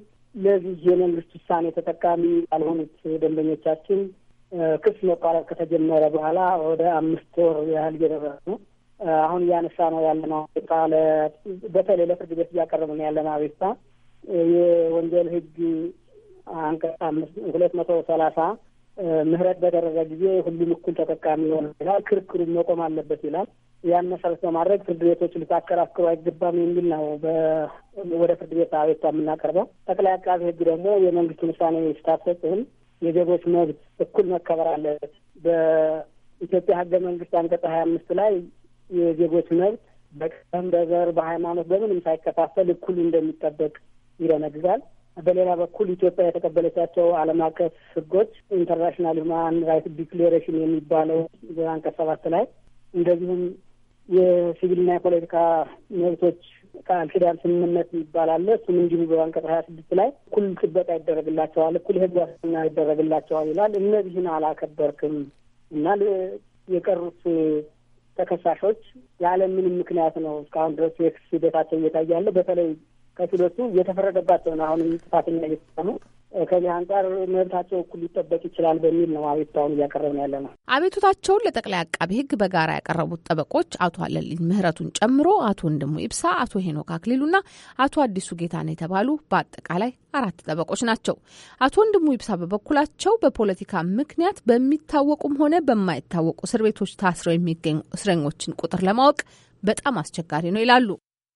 ለዚህ የመንግስት ውሳኔ ተጠቃሚ ያልሆኑት ደንበኞቻችን ክስ መቋረጥ ከተጀመረ በኋላ ወደ አምስት ወር ያህል እየደረሰ ነው። አሁን እያነሳ ነው ያለነው አቤቱታ በተለይ ለፍርድ ቤት እያቀረብን ያለነው አቤቱታ የወንጀል ህግ አንቀጽ አምስት ሁለት መቶ ሰላሳ ምህረት በደረገ ጊዜ ሁሉም እኩል ተጠቃሚ ይሆን ይላል። ክርክሩ መቆም አለበት ይላል። ያን መሰረት በማድረግ ፍርድ ቤቶች ልታከራክሩ አይገባም የሚል ነው ወደ ፍርድ ቤት አቤቷ የምናቀርበው። ጠቅላይ አቃቢ ሕግ ደግሞ የመንግስትን ውሳኔ ስታስፈጽም የዜጎች መብት እኩል መከበር አለበት። በኢትዮጵያ ህገ መንግስት አንቀጽ ሀያ አምስት ላይ የዜጎች መብት በቀለም፣ በዘር፣ በሃይማኖት በምንም ሳይከፋፈል እኩል እንደሚጠበቅ ይደነግጋል። በሌላ በኩል ኢትዮጵያ የተቀበለቻቸው ዓለም አቀፍ ህጎች ኢንተርናሽናል ሁማን ራይት ዲክሌሬሽን የሚባለው አንቀጽ ሰባት ላይ እንደዚሁም የሲቪልና የፖለቲካ መብቶች ቃል ኪዳን ስምምነት የሚባል እሱም እንዲሁ በአንቀጽ ሀያ ስድስት ላይ እኩል ጥበቃ ይደረግላቸዋል፣ እኩል የህግ ዋስትና ይደረግላቸዋል ይላል። እነዚህን አላከበርክም እና የቀሩት ተከሳሾች ያለምንም ምክንያት ነው እስካሁን ድረስ የክስ ሂደታቸው እየታየ ያለ በተለይ ከፊሎቹ እየተፈረደባቸውን አሁንም ጥፋተኛ እየተሰሙ ከዚህ አንጻር መብታቸው እኩል ሊጠበቅ ይችላል በሚል ነው አቤቱታውን እያቀረብን ያለ ነው። አቤቱታቸውን ለጠቅላይ አቃቢ ሕግ በጋራ ያቀረቡት ጠበቆች አቶ አለልኝ ምህረቱን ጨምሮ አቶ ወንድሙ ኢብሳ፣ አቶ ሄኖክ አክሊሉና አቶ አዲሱ ጌታነ የተባሉ በአጠቃላይ አራት ጠበቆች ናቸው። አቶ ወንድሙ ይብሳ በበኩላቸው በፖለቲካ ምክንያት በሚታወቁም ሆነ በማይታወቁ እስር ቤቶች ታስረው የሚገኙ እስረኞችን ቁጥር ለማወቅ በጣም አስቸጋሪ ነው ይላሉ።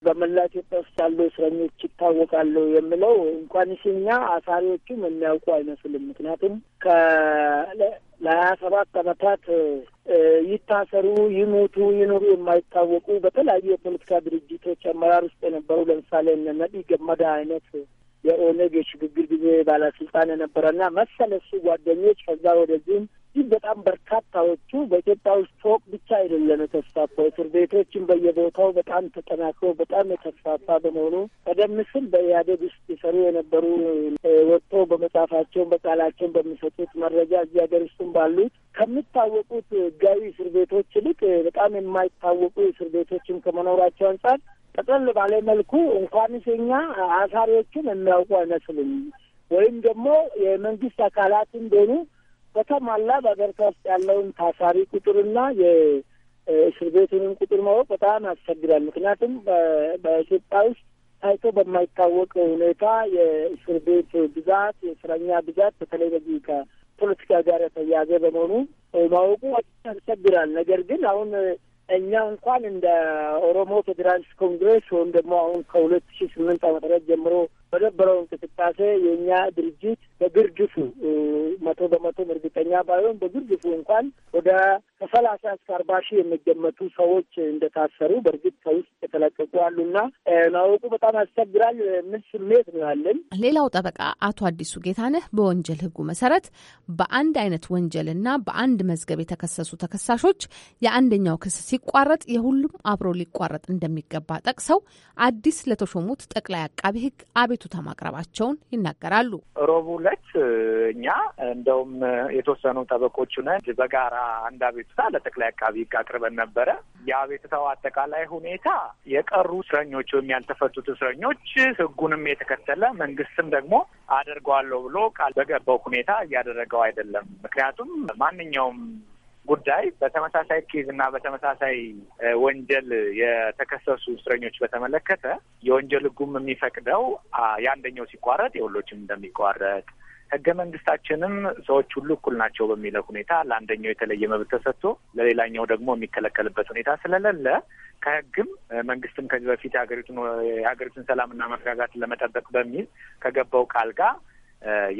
በመላ ኢትዮጵያ ውስጥ ያሉ እስረኞች ይታወቃሉ የሚለው እንኳን ሲኛ አሳሪዎቹም የሚያውቁ አይመስልም። ምክንያቱም ከለሀያ ሰባት አመታት ይታሰሩ ይሞቱ ይኑሩ የማይታወቁ በተለያዩ የፖለቲካ ድርጅቶች አመራር ውስጥ የነበሩ ለምሳሌ እነ ነዲ ገመዳ አይነት የኦነግ የሽግግር ጊዜ ባለስልጣን የነበረና መሰለ እሱ ጓደኞች ከዛ ወደዚህም እጅግ በጣም በርካታዎቹ በኢትዮጵያ ውስጥ ፎቅ ብቻ አይደለም የተስፋፋ እስር ቤቶችን በየቦታው በጣም ተጠናክሮ በጣም የተስፋፋ በመሆኑ ቀደም ሲል በኢህአዴግ ውስጥ የሰሩ የነበሩ ወጥቶ በመጻፋቸውን በቃላቸውን በሚሰጡት መረጃ እዚህ ሀገር ውስጥም ባሉት ከሚታወቁት ህጋዊ እስር ቤቶች ይልቅ በጣም የማይታወቁ እስር ቤቶችም ከመኖራቸው አንጻር ጠቅለል ባለ መልኩ እንኳንስ እኛ አሳሪዎቹን የሚያውቁ አይመስልም ወይም ደግሞ የመንግስት አካላት እንደሆኑ በተሟላ በሀገሪቷ ውስጥ ያለውን ታሳሪ ቁጥርና የእስር ቤቱንም ቁጥር ማወቅ በጣም ያስቸግራል። ምክንያቱም በኢትዮጵያ ውስጥ ታይቶ በማይታወቅ ሁኔታ የእስር ቤት ብዛት፣ የእስረኛ ብዛት በተለይ በዚህ ከፖለቲካ ጋር የተያያዘ በመሆኑ ማወቁ ያስቸግራል። ነገር ግን አሁን እኛ እንኳን እንደ ኦሮሞ ፌዴራሊስት ኮንግሬስ ወይም ደግሞ አሁን ከሁለት ሺ ስምንት ዓመተ ምህረት ጀምሮ በነበረው እንቅስቃሴ የእኛ ድርጅት በግርድፉ መቶ በመቶ እርግጠኛ ባይሆን በግርድፉ እንኳን ወደ ከሰላሳ እስከ አርባ ሺህ የሚገመቱ ሰዎች እንደታሰሩ በእርግጥ ከውስጥ የተለቀቁ አሉና ማወቁ በጣም ያስቸግራል። ምን ስሜት ነው ያለን? ሌላው ጠበቃ አቶ አዲሱ ጌታነህ በወንጀል ህጉ መሰረት በአንድ አይነት ወንጀልና በአንድ መዝገብ የተከሰሱ ተከሳሾች የአንደኛው ክስ ሲቋረጥ የሁሉም አብሮ ሊቋረጥ እንደሚገባ ጠቅሰው አዲስ ለተሾሙት ጠቅላይ አቃቢ ህግ አቤቱ አቤቱታ ማቅረባቸውን ይናገራሉ። ረቡዕ ዕለት እኛ እንደውም የተወሰኑ ጠበቆች ነን በጋራ አንድ አቤቱታ ለጠቅላይ አቃቢ ሕግ አቅርበን ነበረ። የአቤቱታው አጠቃላይ ሁኔታ የቀሩ እስረኞች ወይም ያልተፈቱት እስረኞች ሕጉንም የተከተለ መንግስትም ደግሞ አደርገዋለሁ ብሎ ቃል በገባው ሁኔታ እያደረገው አይደለም። ምክንያቱም ማንኛውም ጉዳይ በተመሳሳይ ኬዝ እና በተመሳሳይ ወንጀል የተከሰሱ እስረኞች በተመለከተ የወንጀል ህጉም የሚፈቅደው የአንደኛው ሲቋረጥ የሁሎችም እንደሚቋረጥ ህገ መንግስታችንም ሰዎች ሁሉ እኩል ናቸው በሚለው ሁኔታ ለአንደኛው የተለየ መብት ተሰጥቶ ለሌላኛው ደግሞ የሚከለከልበት ሁኔታ ስለሌለ ከህግም መንግስትም ከዚህ በፊት የሀገሪቱን የሀገሪቱን ሰላምና መረጋጋትን ለመጠበቅ በሚል ከገባው ቃል ጋር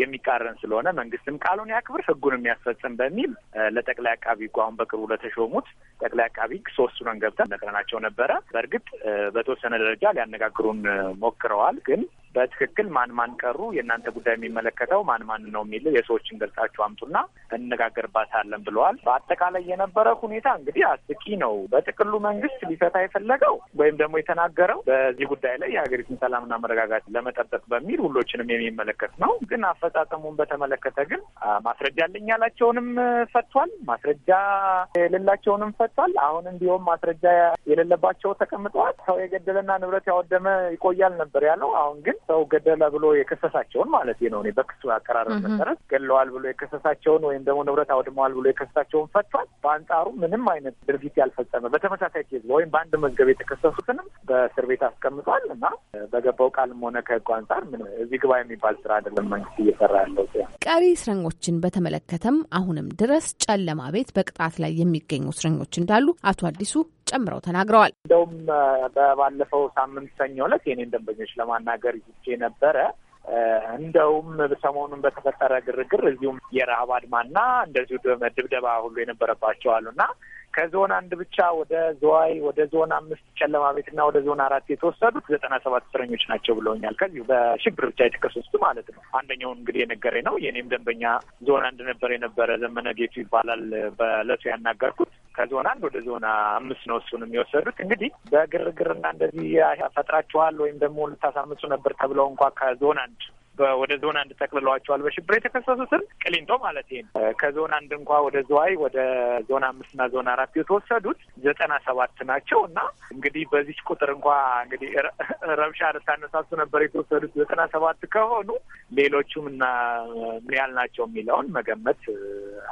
የሚቃረን ስለሆነ መንግስትም ቃሉን ያክብር ህጉን የሚያስፈጽም በሚል ለጠቅላይ አቃቢ ህጉ አሁን በቅርቡ ለተሾሙት ጠቅላይ አቃቢ ህግ ሶስቱን ገብተን ነግረናቸው ነበረ። በእርግጥ በተወሰነ ደረጃ ሊያነጋግሩን ሞክረዋል። ግን በትክክል ማን ማን ቀሩ፣ የእናንተ ጉዳይ የሚመለከተው ማን ማን ነው የሚል የሰዎችን ገልጻችሁ አምጡና እንነጋገርባታለን ብለዋል። በአጠቃላይ የነበረ ሁኔታ እንግዲህ አስቂ ነው። በጥቅሉ መንግስት ሊፈታ የፈለገው ወይም ደግሞ የተናገረው በዚህ ጉዳይ ላይ የሀገሪቱን ሰላምና መረጋጋት ለመጠበቅ በሚል ሁሎችንም የሚመለከት ነው። ግን አፈጻጸሙን በተመለከተ ግን ማስረጃ አለኝ ያላቸውንም ፈቷል፣ ማስረጃ የሌላቸውንም ፈቷል። አሁን እንዲሁም ማስረጃ የሌለባቸው ተቀምጠዋል። ሰው የገደለና ንብረት ያወደመ ይቆያል ነበር ያለው። አሁን ግን ሰው ገደለ ብሎ የከሰሳቸውን ማለት ነው። እኔ በክሱ አቀራረብ መሰረት ገለዋል ብሎ የከሰሳቸውን ወይም ደግሞ ንብረት አውድመዋል ብሎ የከሰሳቸውን ፈቷል። በአንጻሩ ምንም አይነት ድርጊት ያልፈጸመ በተመሳሳይ ኬዝ ወይም በአንድ መዝገብ የተከሰሱትንም በእስር ቤት አስቀምጧል እና በገባው ቃልም ሆነ ከህጉ አንጻር ምን እዚህ ግባ የሚባል ስራ አይደለም መንግስት እየሰራ ያለው። ቀሪ እስረኞችን በተመለከተም አሁንም ድረስ ጨለማ ቤት በቅጣት ላይ የሚገኙ እስረኞች እንዳሉ አቶ አዲሱ ጨምረው ተናግረዋል። እንደውም በባለፈው ሳምንት ሰኞ ዕለት የኔን ደንበኞች ለማናገር ይቼ ነበረ። እንደውም ሰሞኑን በተፈጠረ ግርግር እዚሁም የረሀብ አድማና እንደዚሁ ድብደባ ሁሉ የነበረባቸው አሉና ከዞን አንድ ብቻ ወደ ዝዋይ ወደ ዞን አምስት ጨለማ ቤትና ወደ ዞን አራት የተወሰዱት ዘጠና ሰባት እስረኞች ናቸው ብለውኛል። ከዚሁ በሽብር ብቻ የተከሰሱት ማለት ነው። አንደኛውን እንግዲህ የነገሬ ነው የኔም ደንበኛ ዞን አንድ ነበር የነበረ ዘመነ ጌቱ ይባላል። በለቱ ያናገርኩት ከዞን አንድ ወደ ዞን አምስት ነው እሱን የሚወሰዱት። እንግዲህ በግርግርና እንደዚህ ፈጥራችኋል ወይም ደግሞ ልታሳምሱ ነበር ተብለው እንኳ ከዞን አንድ ወደ ዞን አንድ ጠቅልለዋቸዋል። በሽብር የተከሰሱትን ቅሊንጦ ማለት ይሄ ከዞን አንድ እንኳ ወደ ዝዋይ ወደ ዞን አምስትና ዞን አራት የተወሰዱት ዘጠና ሰባት ናቸው እና እንግዲህ በዚች ቁጥር እንኳ እንግዲህ ረብሻ ልታነሳሱ ነበር የተወሰዱት ዘጠና ሰባት ከሆኑ ሌሎቹም እና ምን ያህል ናቸው የሚለውን መገመት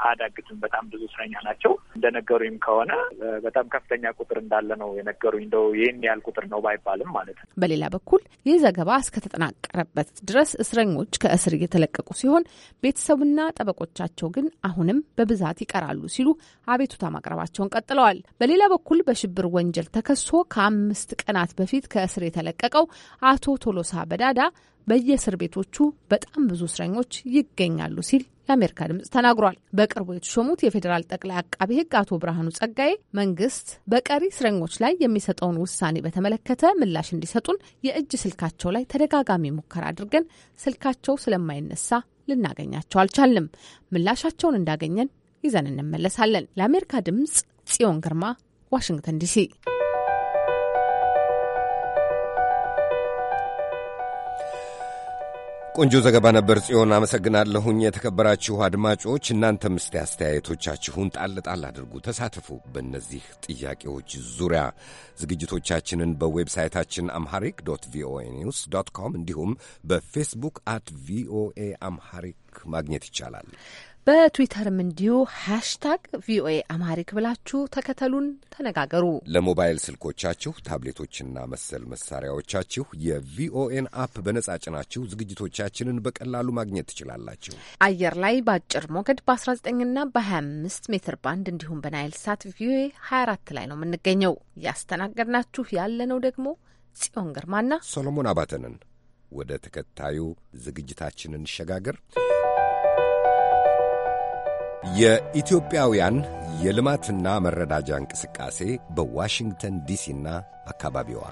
አያዳግትም። በጣም ብዙ እስረኛ ናቸው እንደነገሩኝም ከሆነ በጣም ከፍተኛ ቁጥር እንዳለ ነው የነገሩኝ። እንደው ይህን ያህል ቁጥር ነው ባይባልም ማለት ነው። በሌላ በኩል ይህ ዘገባ እስከተጠናቀረበት ድረስ እስረኞች ከእስር እየተለቀቁ ሲሆን ቤተሰቡና ጠበቆቻቸው ግን አሁንም በብዛት ይቀራሉ ሲሉ አቤቱታ ማቅረባቸውን ቀጥለዋል። በሌላ በኩል በሽብር ወንጀል ተከሶ ከአምስት ቀናት በፊት ከእስር የተለቀቀው አቶ ቶሎሳ በዳዳ በየእስር ቤቶቹ በጣም ብዙ እስረኞች ይገኛሉ ሲል የአሜሪካ ድምጽ ተናግሯል። በቅርቡ የተሾሙት የፌዴራል ጠቅላይ አቃቢ ሕግ አቶ ብርሃኑ ጸጋዬ መንግስት በቀሪ እስረኞች ላይ የሚሰጠውን ውሳኔ በተመለከተ ምላሽ እንዲሰጡን የእጅ ስልካቸው ላይ ተደጋጋሚ ሙከራ አድርገን ስልካቸው ስለማይነሳ ልናገኛቸው አልቻልንም። ምላሻቸውን እንዳገኘን ይዘን እንመለሳለን። ለአሜሪካ ድምጽ ጽዮን ግርማ ዋሽንግተን ዲሲ ቆንጆ ዘገባ ነበር ጽዮን፣ አመሰግናለሁኝ። የተከበራችሁ አድማጮች እናንተም እስቲ አስተያየቶቻችሁን ጣል ጣል አድርጉ፣ ተሳተፉ። በእነዚህ ጥያቄዎች ዙሪያ ዝግጅቶቻችንን በዌብሳይታችን አምሐሪክ ዶት ቪኦኤ ኒውስ ዶት ኮም እንዲሁም በፌስቡክ አት ቪኦኤ አምሐሪክ ማግኘት ይቻላል። በትዊተርም እንዲሁ ሃሽታግ ቪኦኤ አማሪክ ብላችሁ ተከተሉን፣ ተነጋገሩ። ለሞባይል ስልኮቻችሁ ታብሌቶችና መሰል መሳሪያዎቻችሁ የቪኦኤን አፕ በነጻ ጭናችሁ ዝግጅቶቻችንን በቀላሉ ማግኘት ትችላላችሁ። አየር ላይ በአጭር ሞገድ በ19ና በ25 ሜትር ባንድ እንዲሁም በናይል ሳት ቪኦኤ 24 ላይ ነው የምንገኘው። ያስተናገድናችሁ ያለነው ደግሞ ጽዮን ግርማና ሶሎሞን አባተንን። ወደ ተከታዩ ዝግጅታችንን እንሸጋገር። የኢትዮጵያውያን የልማትና መረዳጃ እንቅስቃሴ በዋሽንግተን ዲሲና አካባቢዋ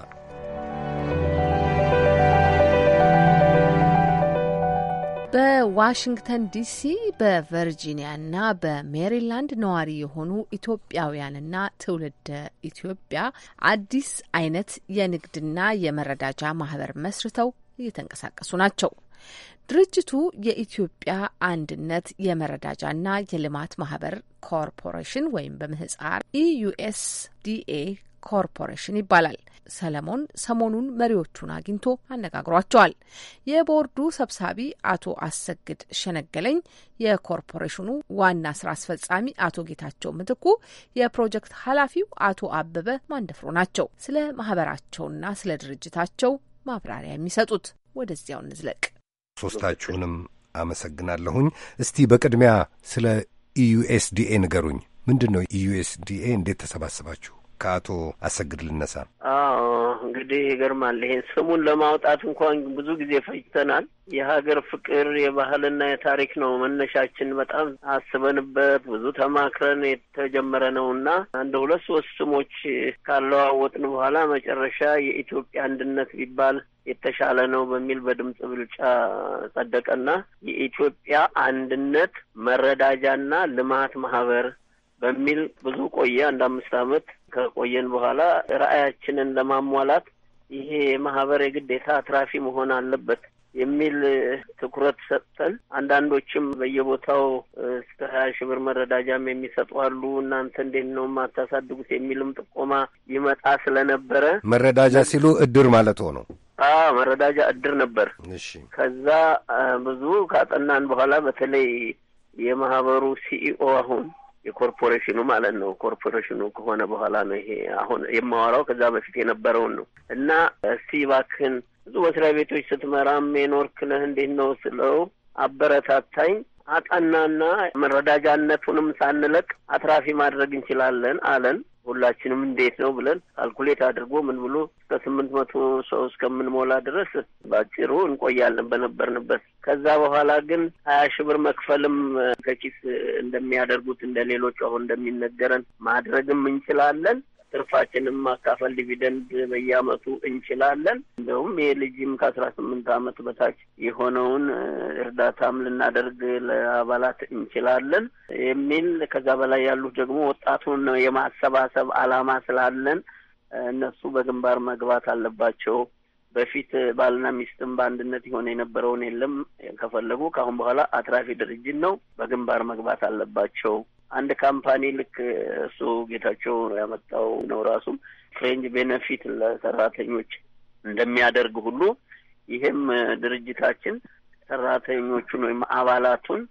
በዋሽንግተን ዲሲ በቨርጂኒያና በሜሪላንድ ነዋሪ የሆኑ ኢትዮጵያውያንና ትውልደ ኢትዮጵያ አዲስ አይነት የንግድና የመረዳጃ ማህበር መስርተው እየተንቀሳቀሱ ናቸው። ድርጅቱ የኢትዮጵያ አንድነት የመረዳጃና የልማት ማህበር ኮርፖሬሽን ወይም በምህጻር ኢዩኤስዲኤ e ኮርፖሬሽን ይባላል። ሰለሞን ሰሞኑን መሪዎቹን አግኝቶ አነጋግሯቸዋል። የቦርዱ ሰብሳቢ አቶ አሰግድ ሸነገለኝ፣ የኮርፖሬሽኑ ዋና ስራ አስፈጻሚ አቶ ጌታቸው ምትኩ፣ የፕሮጀክት ኃላፊው አቶ አበበ ማንደፍሮ ናቸው። ስለ ማህበራቸውና ስለ ድርጅታቸው ማብራሪያ የሚሰጡት ወደዚያው እንዝለቅ። ሶስታችሁንም አመሰግናለሁኝ። እስቲ በቅድሚያ ስለ ኢዩኤስዲኤ e ንገሩኝ። ምንድን ነው ኢዩኤስዲኤ? E እንዴት ተሰባሰባችሁ? ከአቶ አሰግድ ልነሳ። አዎ እንግዲህ ይገርማል። ይሄን ስሙን ለማውጣት እንኳን ብዙ ጊዜ ፈጅተናል። የሀገር ፍቅር የባህልና የታሪክ ነው መነሻችን። በጣም አስበንበት ብዙ ተማክረን የተጀመረ ነው እና አንድ ሁለት ሶስት ስሞች ካለዋወጥን በኋላ መጨረሻ የኢትዮጵያ አንድነት ቢባል የተሻለ ነው በሚል በድምፅ ብልጫ ጸደቀና የኢትዮጵያ አንድነት መረዳጃና ልማት ማህበር በሚል ብዙ ቆየ። አንድ አምስት አመት ከቆየን በኋላ ራዕያችንን ለማሟላት ይሄ ማህበር የግዴታ አትራፊ መሆን አለበት የሚል ትኩረት ሰጥተን አንዳንዶችም በየቦታው እስከ ሀያ ሺህ ብር መረዳጃም የሚሰጡ አሉ። እናንተ እንዴት ነው የማታሳድጉት የሚልም ጥቆማ ይመጣ ስለነበረ መረዳጃ ሲሉ እድር ማለት ሆነው መረዳጃ እድር ነበር። እሺ ከዛ ብዙ ካጠናን በኋላ በተለይ የማህበሩ ሲኢኦ አሁን የኮርፖሬሽኑ ማለት ነው። ኮርፖሬሽኑ ከሆነ በኋላ ነው ይሄ አሁን የማወራው። ከዛ በፊት የነበረውን ነው እና እስቲ እባክህን ብዙ መስሪያ ቤቶች ስትመራም የኖርክ ነህ እንዴት ነው ስለው አበረታታኝ። አጠናና መረዳጃነቱንም ሳንለቅ አትራፊ ማድረግ እንችላለን አለን። ሁላችንም እንዴት ነው ብለን አልኩሌት አድርጎ ምን ብሎ እስከ ስምንት መቶ ሰው እስከምንሞላ ድረስ በአጭሩ እንቆያለን በነበርንበት። ከዛ በኋላ ግን ሀያ ሺህ ብር መክፈልም ከኪስ እንደሚያደርጉት እንደ ሌሎች አሁን እንደሚነገረን ማድረግም እንችላለን። ትርፋችንም ማካፈል ዲቪደንድ በየአመቱ እንችላለን። እንደውም ይህ ልጅም ከአስራ ስምንት አመት በታች የሆነውን እርዳታም ልናደርግ ለአባላት እንችላለን የሚል ከዛ በላይ ያሉት ደግሞ ወጣቱን የማሰባሰብ አላማ ስላለን እነሱ በግንባር መግባት አለባቸው። በፊት ባልና ሚስትም በአንድነት የሆነ የነበረውን የለም ከፈለጉ ከአሁን በኋላ አትራፊ ድርጅት ነው፣ በግንባር መግባት አለባቸው አንድ ካምፓኒ ልክ እሱ ጌታቸው ያመጣው ነው ራሱም ፍሬንጅ ቤነፊት ለሰራተኞች እንደሚያደርግ ሁሉ ይሄም ድርጅታችን ሰራተኞቹን ወይም አባላቱን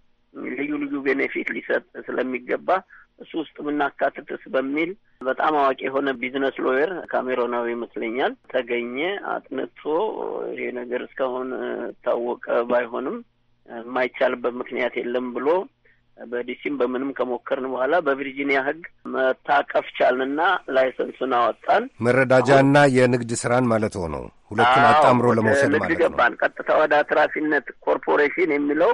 ልዩ ልዩ ቤኔፊት ሊሰጥ ስለሚገባ እሱ ውስጥ ምናካትትስ በሚል በጣም አዋቂ የሆነ ቢዝነስ ሎየር ካሜሮናዊ ይመስለኛል ተገኘ። አጥንቶ ይሄ ነገር እስካሁን ታወቀ ባይሆንም የማይቻልበት ምክንያት የለም ብሎ በዲሲም በምንም ከሞከርን በኋላ በቪርጂኒያ ህግ መታቀፍ ቻልንና ላይሰንሱን አወጣን። መረዳጃና የንግድ ስራን ማለት ሆኖ ሁለቱን አጣምሮ ለመውሰድ ማለት ነው። ገባን ቀጥታ ወደ አትራፊነት ኮርፖሬሽን የሚለው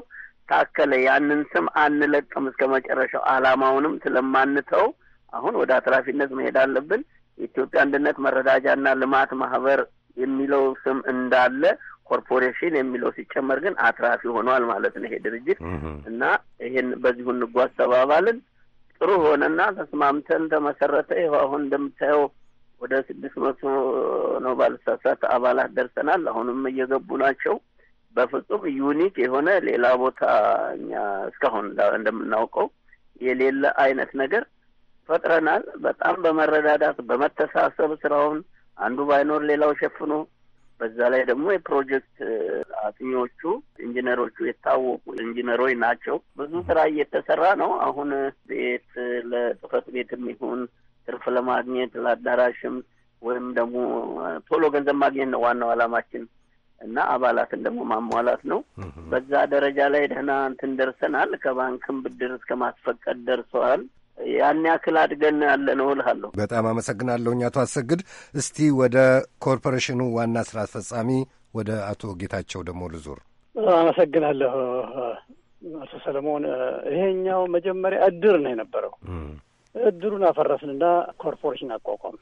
ታከለ። ያንን ስም አንለቅም እስከ መጨረሻው አላማውንም ስለማንተው አሁን ወደ አትራፊነት መሄድ አለብን። የኢትዮጵያ አንድነት መረዳጃና ልማት ማህበር የሚለው ስም እንዳለ ኮርፖሬሽን የሚለው ሲጨመር ግን አትራፊ ሆኗል ማለት ነው ይሄ ድርጅት እና ይሄን በዚሁ እንጓዝ ተባባልን። ጥሩ ሆነና ተስማምተን ተመሰረተ። ይኸው አሁን እንደምታየው ወደ ስድስት መቶ ነው ባልሳሳት አባላት ደርሰናል። አሁንም እየገቡ ናቸው። በፍጹም ዩኒክ የሆነ ሌላ ቦታ እኛ እስካሁን እንደምናውቀው የሌለ አይነት ነገር ፈጥረናል። በጣም በመረዳዳት በመተሳሰብ ስራውን አንዱ ባይኖር ሌላው ሸፍኖ በዛ ላይ ደግሞ የፕሮጀክት አጥኚዎቹ ኢንጂነሮቹ የታወቁ ኢንጂነሮች ናቸው። ብዙ ስራ እየተሰራ ነው። አሁን ቤት ለጽህፈት ቤትም ይሁን ትርፍ ለማግኘት ለአዳራሽም ወይም ደግሞ ቶሎ ገንዘብ ማግኘት ነው ዋናው አላማችን እና አባላትን ደግሞ ማሟላት ነው። በዛ ደረጃ ላይ ደህና እንትን ደርሰናል። ከባንክም ብድር እስከ ማስፈቀድ ደርሰዋል። ያን ያክል አድገን ያለ ነው እልሃለሁ። በጣም አመሰግናለሁኝ አቶ አሰግድ። እስቲ ወደ ኮርፖሬሽኑ ዋና ስራ አስፈጻሚ ወደ አቶ ጌታቸው ደግሞ ልዙር። አመሰግናለሁ አቶ ሰለሞን። ይሄኛው መጀመሪያ እድር ነው የነበረው። እድሩን አፈረስንና ኮርፖሬሽን አቋቋም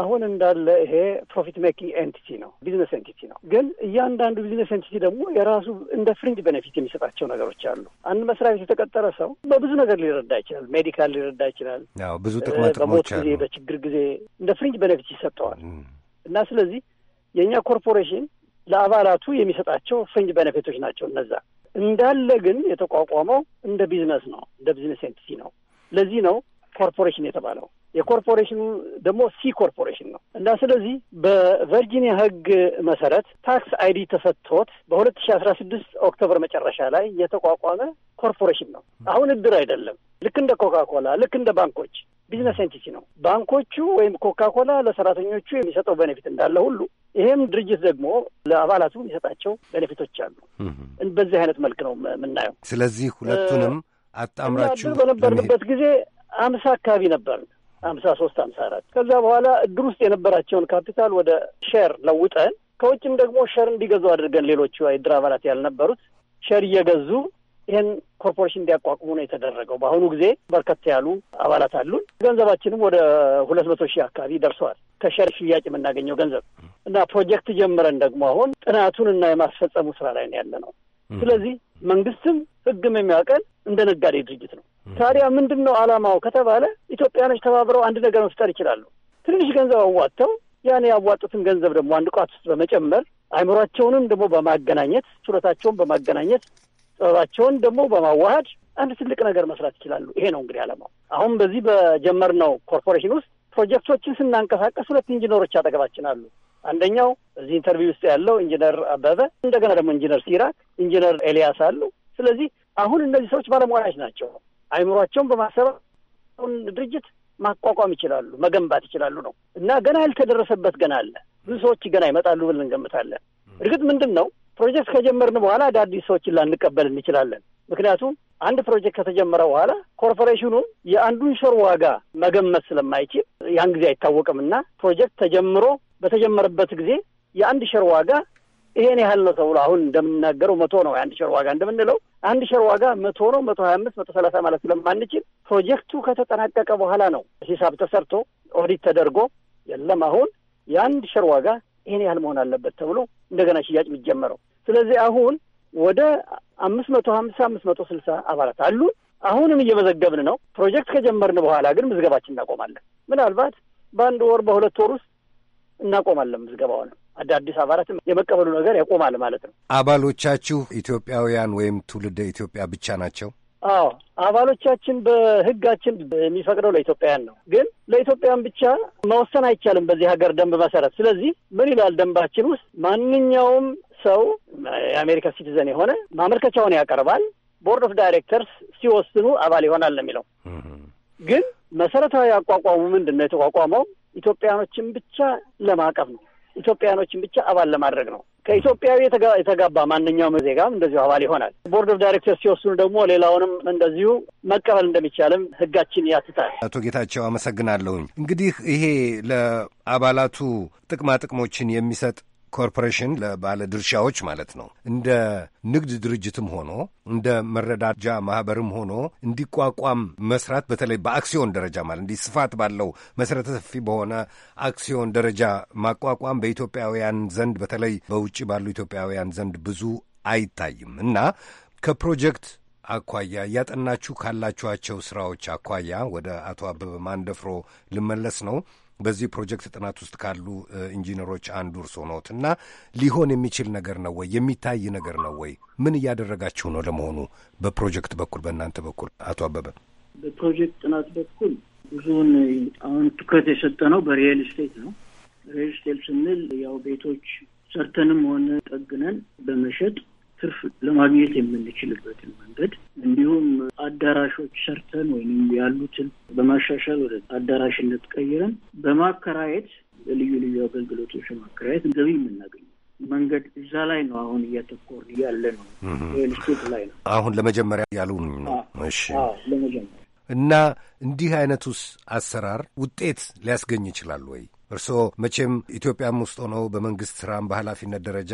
አሁን እንዳለ ይሄ ፕሮፊት ሜኪንግ ኤንቲቲ ነው፣ ቢዝነስ ኤንቲቲ ነው። ግን እያንዳንዱ ቢዝነስ ኤንቲቲ ደግሞ የራሱ እንደ ፍሪንጅ ቤኔፊት የሚሰጣቸው ነገሮች አሉ። አንድ መስሪያ ቤት የተቀጠረ ሰው በብዙ ነገር ሊረዳ ይችላል። ሜዲካል ሊረዳ ይችላል። ብዙ ጥቅማ ጥቅሞች አሉ። ጊዜ በችግር ጊዜ እንደ ፍሪንጅ ቤኔፊት ይሰጠዋል። እና ስለዚህ የእኛ ኮርፖሬሽን ለአባላቱ የሚሰጣቸው ፍሪንጅ ቤኔፊቶች ናቸው እነዛ። እንዳለ ግን የተቋቋመው እንደ ቢዝነስ ነው፣ እንደ ቢዝነስ ኤንቲቲ ነው። ለዚህ ነው ኮርፖሬሽን የተባለው የኮርፖሬሽኑ ደግሞ ሲ ኮርፖሬሽን ነው እና ስለዚህ በቨርጂኒያ ህግ መሰረት ታክስ አይዲ ተሰጥቶት በሁለት ሺ አስራ ስድስት ኦክቶበር መጨረሻ ላይ የተቋቋመ ኮርፖሬሽን ነው። አሁን እድር አይደለም። ልክ እንደ ኮካ ኮላ፣ ልክ እንደ ባንኮች ቢዝነስ ኤንቲቲ ነው። ባንኮቹ ወይም ኮካ ኮላ ለሰራተኞቹ የሚሰጠው በኔፊት እንዳለ ሁሉ ይሄም ድርጅት ደግሞ ለአባላቱ የሚሰጣቸው በኔፊቶች አሉ። በዚህ አይነት መልክ ነው የምናየው። ስለዚህ ሁለቱንም አጣምራችሁ በነበርንበት ጊዜ አምሳ አካባቢ ነበር ሀምሳ ሶስት ሀምሳ አራት ከዛ በኋላ እድር ውስጥ የነበራቸውን ካፒታል ወደ ሼር ለውጠን ከውጭም ደግሞ ሸር እንዲገዙ አድርገን ሌሎቹ የእድር አባላት ያልነበሩት ሸር እየገዙ ይህን ኮርፖሬሽን እንዲያቋቁሙ ነው የተደረገው። በአሁኑ ጊዜ በርከት ያሉ አባላት አሉን። ገንዘባችንም ወደ ሁለት መቶ ሺህ አካባቢ ደርሰዋል ከሸር ሽያጭ የምናገኘው ገንዘብ እና ፕሮጀክት ጀምረን ደግሞ አሁን ጥናቱን እና የማስፈጸሙ ስራ ላይ ነው ያለ ነው። ስለዚህ መንግስትም ህግም የሚያውቀን እንደ ነጋዴ ድርጅት ነው። ታዲያ ምንድን ነው አላማው ከተባለ ኢትዮጵያኖች ተባብረው አንድ ነገር መፍጠር ይችላሉ። ትንሽ ገንዘብ አዋጥተው ያን ያዋጡትን ገንዘብ ደግሞ አንድ ቋት ውስጥ በመጨመር አይምሯቸውንም ደግሞ በማገናኘት ችሎታቸውን በማገናኘት ጥበባቸውን ደግሞ በማዋሃድ አንድ ትልቅ ነገር መስራት ይችላሉ። ይሄ ነው እንግዲህ አላማው አሁን በዚህ በጀመርነው ኮርፖሬሽን ውስጥ ፕሮጀክቶችን ስናንቀሳቀስ ሁለት ኢንጂነሮች አጠገባችን አሉ። አንደኛው እዚህ ኢንተርቪው ውስጥ ያለው ኢንጂነር አበበ፣ እንደገና ደግሞ ኢንጂነር ሲራክ፣ ኢንጂነር ኤልያስ አሉ። ስለዚህ አሁን እነዚህ ሰዎች ባለሙያዎች ናቸው። አይምሯቸውን በማሰራት ድርጅት ማቋቋም ይችላሉ፣ መገንባት ይችላሉ ነው እና ገና ያልተደረሰበት ገና አለ። ብዙ ሰዎች ገና ይመጣሉ ብለን እንገምታለን። እርግጥ ምንድን ነው ፕሮጀክት ከጀመርን በኋላ አዳዲስ ሰዎችን ላንቀበል እንችላለን። ምክንያቱም አንድ ፕሮጀክት ከተጀመረ በኋላ ኮርፖሬሽኑ የአንዱን ሸር ዋጋ መገመት ስለማይችል ያን ጊዜ እና ፕሮጀክት ተጀምሮ በተጀመረበት ጊዜ የአንድ ሸር ዋጋ ይሄን ያህል ነው ተብሎ አሁን እንደምናገረው መቶ ነው የአንድ ሸር ዋጋ እንደምንለው አንድ ሸር ዋጋ መቶ ነው መቶ ሀያ አምስት መቶ ሰላሳ ማለት ስለማንችል ፕሮጀክቱ ከተጠናቀቀ በኋላ ነው ሂሳብ ተሰርቶ ኦዲት ተደርጎ የለም አሁን የአንድ ሸር ዋጋ ይሄን ያህል መሆን አለበት ተብሎ እንደገና ሽያጭ የሚጀመረው። ስለዚህ አሁን ወደ አምስት መቶ ሀምሳ አምስት መቶ ስልሳ አባላት አሉ። አሁንም እየመዘገብን ነው። ፕሮጀክት ከጀመርን በኋላ ግን ምዝገባችን እናቆማለን። ምናልባት በአንድ ወር በሁለት ወር ውስጥ እናቆማለን ምዝገባውንም አዳዲስ አባላትም የመቀበሉ ነገር ያቆማል ማለት ነው። አባሎቻችሁ ኢትዮጵያውያን ወይም ትውልደ ኢትዮጵያ ብቻ ናቸው? አዎ አባሎቻችን በህጋችን የሚፈቅደው ለኢትዮጵያውያን ነው። ግን ለኢትዮጵያውያን ብቻ መወሰን አይቻልም በዚህ ሀገር ደንብ መሰረት። ስለዚህ ምን ይላል ደንባችን ውስጥ ማንኛውም ሰው የአሜሪካ ሲቲዘን የሆነ ማመልከቻውን ያቀርባል። ቦርድ ኦፍ ዳይሬክተርስ ሲወስኑ አባል ይሆናል ነው የሚለው። ግን መሰረታዊ አቋቋሙ ምንድን ነው? የተቋቋመው ኢትዮጵያኖችን ብቻ ለማቀፍ ነው። ኢትዮጵያኖችን ብቻ አባል ለማድረግ ነው። ከኢትዮጵያዊ የተጋባ ማንኛውም ዜጋም እንደዚሁ አባል ይሆናል። ቦርድ ኦፍ ዳይሬክተር ሲወስኑ ደግሞ ሌላውንም እንደዚሁ መቀበል እንደሚቻልም ህጋችን ያትታል። አቶ ጌታቸው አመሰግናለሁኝ። እንግዲህ ይሄ ለአባላቱ ጥቅማ ጥቅሞችን የሚሰጥ ኮርፖሬሽን ለባለድርሻዎች ማለት ነው እንደ ንግድ ድርጅትም ሆኖ እንደ መረዳጃ ማህበርም ሆኖ እንዲቋቋም መስራት በተለይ በአክሲዮን ደረጃ ማለት እንዲህ ስፋት ባለው መሰረተ ሰፊ በሆነ አክሲዮን ደረጃ ማቋቋም በኢትዮጵያውያን ዘንድ በተለይ በውጭ ባሉ ኢትዮጵያውያን ዘንድ ብዙ አይታይም እና ከፕሮጀክት አኳያ እያጠናችሁ ካላችኋቸው ስራዎች አኳያ ወደ አቶ አበበ ማንደፍሮ ልመለስ ነው። በዚህ ፕሮጀክት ጥናት ውስጥ ካሉ ኢንጂነሮች አንዱ እርስዎ ነዎት እና ሊሆን የሚችል ነገር ነው ወይ? የሚታይ ነገር ነው ወይ? ምን እያደረጋችሁ ነው ለመሆኑ በፕሮጀክት በኩል በእናንተ በኩል አቶ አበበ? በፕሮጀክት ጥናት በኩል ብዙውን አሁን ትኩረት የሰጠ ነው በሪየል ስቴት ነው። ሪየል ስቴት ስንል ያው ቤቶች ሰርተንም ሆነ ጠግነን በመሸጥ ትርፍ ለማግኘት የምንችልበትን መንገድ እንዲሁም አዳራሾች ሰርተን ወይም ያሉትን በማሻሻል ወደ አዳራሽነት ቀይረን በማከራየት ልዩ ልዩ አገልግሎቶች በማከራየት ገቢ የምናገኝ መንገድ እዛ ላይ ነው። አሁን እያተኮር ያለ ነው። ሪል ስቴት ላይ ነው አሁን ለመጀመሪያ ያሉን ነው። እሺ ለመጀመሪያ እና እንዲህ አይነቱስ አሰራር ውጤት ሊያስገኝ ይችላል ወይ? እርስዎ መቼም ኢትዮጵያም ውስጥ ሆነው በመንግስት ስራም በኃላፊነት ደረጃ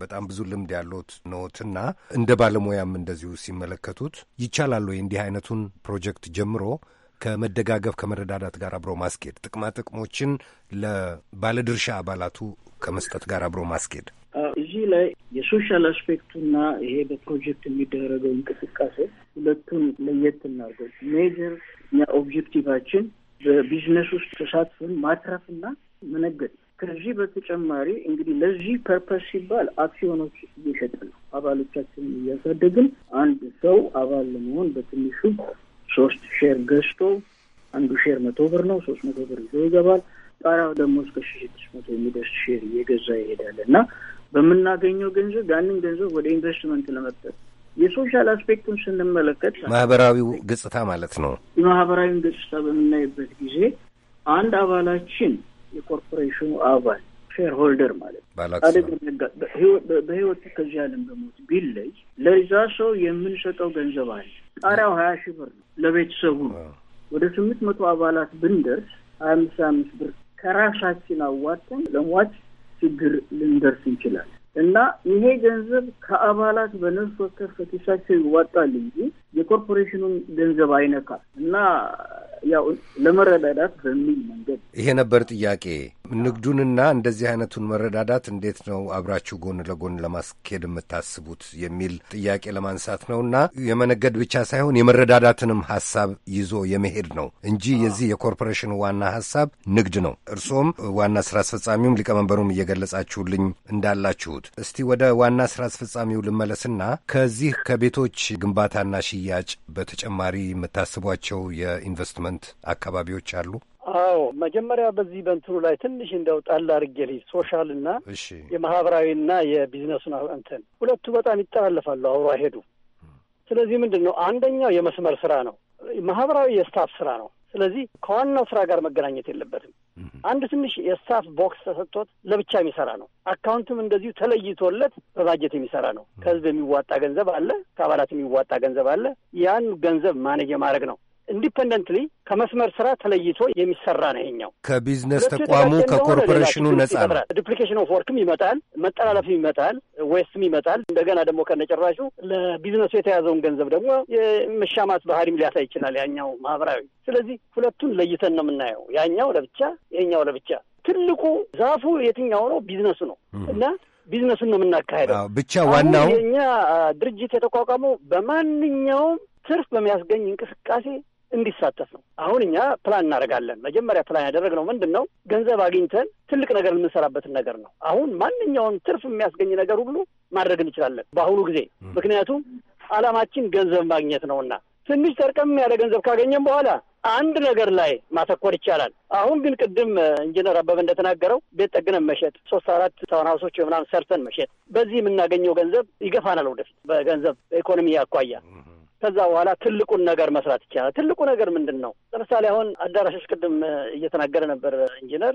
በጣም ብዙ ልምድ ያለት ነዎትና እንደ ባለሙያም እንደዚሁ ሲመለከቱት ይቻላል ወይ እንዲህ አይነቱን ፕሮጀክት ጀምሮ ከመደጋገፍ ከመረዳዳት ጋር አብሮ ማስኬድ ጥቅማ ጥቅሞችን ለባለድርሻ አባላቱ ከመስጠት ጋር አብሮ ማስኬድ እዚህ ላይ የሶሻል አስፔክቱና ይሄ በፕሮጀክት የሚደረገው እንቅስቃሴ ሁለቱን ለየት እናድርገው። ሜጀር ኦብጀክቲቫችን በቢዝነስ ውስጥ ተሳትፈን ማትረፍና መነገድ። ከዚህ በተጨማሪ እንግዲህ ለዚህ ፐርፐስ ሲባል አክሲዮኖች እየሸጥን ነው፣ አባሎቻችንን እያሳደግን። አንድ ሰው አባል ለመሆን በትንሹ ሶስት ሼር ገዝቶ አንዱ ሼር መቶ ብር ነው። ሶስት መቶ ብር ይዞ ይገባል። ጣሪያው ደግሞ እስከ ሺ ስድስት መቶ የሚደርስ ሼር እየገዛ ይሄዳል እና በምናገኘው ገንዘብ ያንን ገንዘብ ወደ ኢንቨስትመንት ለመጠጥ የሶሻል አስፔክቱን ስንመለከት ማህበራዊው ገጽታ ማለት ነው። የማህበራዊውን ገጽታ በምናይበት ጊዜ አንድ አባላችን የኮርፖሬሽኑ አባል ሼርሆልደር ማለት አደጋ ከዚህ ዓለም በሞት ቢለይ ለዛ ሰው የምንሰጠው ገንዘብ አለ። ጣሪያው ሀያ ሺህ ብር ነው። ለቤተሰቡ ነው። ወደ ስምንት መቶ አባላት ብንደርስ ሀያ አምስት አምስት ብር ከራሳችን አዋጥተን ለሟች ችግር ልንደርስ እንችላለን። እና ይሄ ገንዘብ ከአባላት በነፍስ ወከፍ ከኪሳቸው ይዋጣል እንጂ የኮርፖሬሽኑን ገንዘብ አይነካል እና ያው ለመረዳዳት በሚል መንገድ ይሄ ነበር ጥያቄ። ንግዱንና እንደዚህ አይነቱን መረዳዳት እንዴት ነው አብራችሁ ጎን ለጎን ለማስኬድ የምታስቡት የሚል ጥያቄ ለማንሳት ነው እና የመነገድ ብቻ ሳይሆን የመረዳዳትንም ሀሳብ ይዞ የመሄድ ነው እንጂ የዚህ የኮርፖሬሽኑ ዋና ሀሳብ ንግድ ነው። እርስዎም ዋና ስራ አስፈጻሚውም ሊቀመንበሩም እየገለጻችሁልኝ እንዳላችሁት፣ እስቲ ወደ ዋና ስራ አስፈጻሚው ልመለስና ከዚህ ከቤቶች ግንባታና ሽያጭ በተጨማሪ የምታስቧቸው የኢንቨስትመንት ኢንቨስትመንት አካባቢዎች አሉ? አዎ መጀመሪያ በዚህ በንትኑ ላይ ትንሽ እንደው ጣል አድርጌ ሶሻል ና የማህበራዊ ና የቢዝነሱን እንትን ሁለቱ በጣም ይጠላለፋሉ፣ አብሮ አይሄዱም። ስለዚህ ምንድን ነው አንደኛው የመስመር ስራ ነው፣ ማህበራዊ የስታፍ ስራ ነው። ስለዚህ ከዋናው ስራ ጋር መገናኘት የለበትም። አንድ ትንሽ የስታፍ ቦክስ ተሰጥቶት ለብቻ የሚሰራ ነው። አካውንትም እንደዚሁ ተለይቶለት በባጀት የሚሰራ ነው። ከህዝብ የሚዋጣ ገንዘብ አለ፣ ከአባላት የሚዋጣ ገንዘብ አለ። ያን ገንዘብ ማኔጅ ማድረግ ነው። ኢንዲፐንደንትሊ ከመስመር ስራ ተለይቶ የሚሰራ ነው ይሄኛው። ከቢዝነስ ተቋሙ ከኮርፖሬሽኑ ነጻ ነው። ዱፕሊኬሽን ኦፍ ወርክም ይመጣል፣ መጠላለፍም ይመጣል፣ ዌስትም ይመጣል። እንደገና ደግሞ ከነጨራሹ ለቢዝነሱ የተያዘውን ገንዘብ ደግሞ የመሻማት ባህሪም ሊያሳይ ይችላል ያኛው ማህበራዊ። ስለዚህ ሁለቱን ለይተን ነው የምናየው፣ ያኛው ለብቻ፣ ይሄኛው ለብቻ። ትልቁ ዛፉ የትኛው ነው? ቢዝነሱ ነው እና ቢዝነሱን ነው የምናካሄደው። ብቻ ዋናው የእኛ ድርጅት የተቋቋመው በማንኛውም ትርፍ በሚያስገኝ እንቅስቃሴ እንዲሳተፍ ነው። አሁን እኛ ፕላን እናደርጋለን። መጀመሪያ ፕላን ያደረግነው ምንድን ነው? ገንዘብ አግኝተን ትልቅ ነገር የምንሰራበትን ነገር ነው። አሁን ማንኛውም ትርፍ የሚያስገኝ ነገር ሁሉ ማድረግ እንችላለን በአሁኑ ጊዜ። ምክንያቱም አላማችን ገንዘብ ማግኘት ነውና ትንሽ ጠርቀም ያለ ገንዘብ ካገኘን በኋላ አንድ ነገር ላይ ማተኮር ይቻላል። አሁን ግን ቅድም ኢንጂነር አበበ እንደተናገረው ቤት ጠግነን መሸጥ፣ ሶስት አራት ታውንሃውሶች ምናምን ሰርተን መሸጥ፣ በዚህ የምናገኘው ገንዘብ ይገፋናል ወደፊት በገንዘብ በኢኮኖሚ ያኳያ ከዛ በኋላ ትልቁን ነገር መስራት ይቻላል። ትልቁ ነገር ምንድን ነው? ለምሳሌ አሁን አዳራሾች፣ ቅድም እየተናገረ ነበር ኢንጂነር፣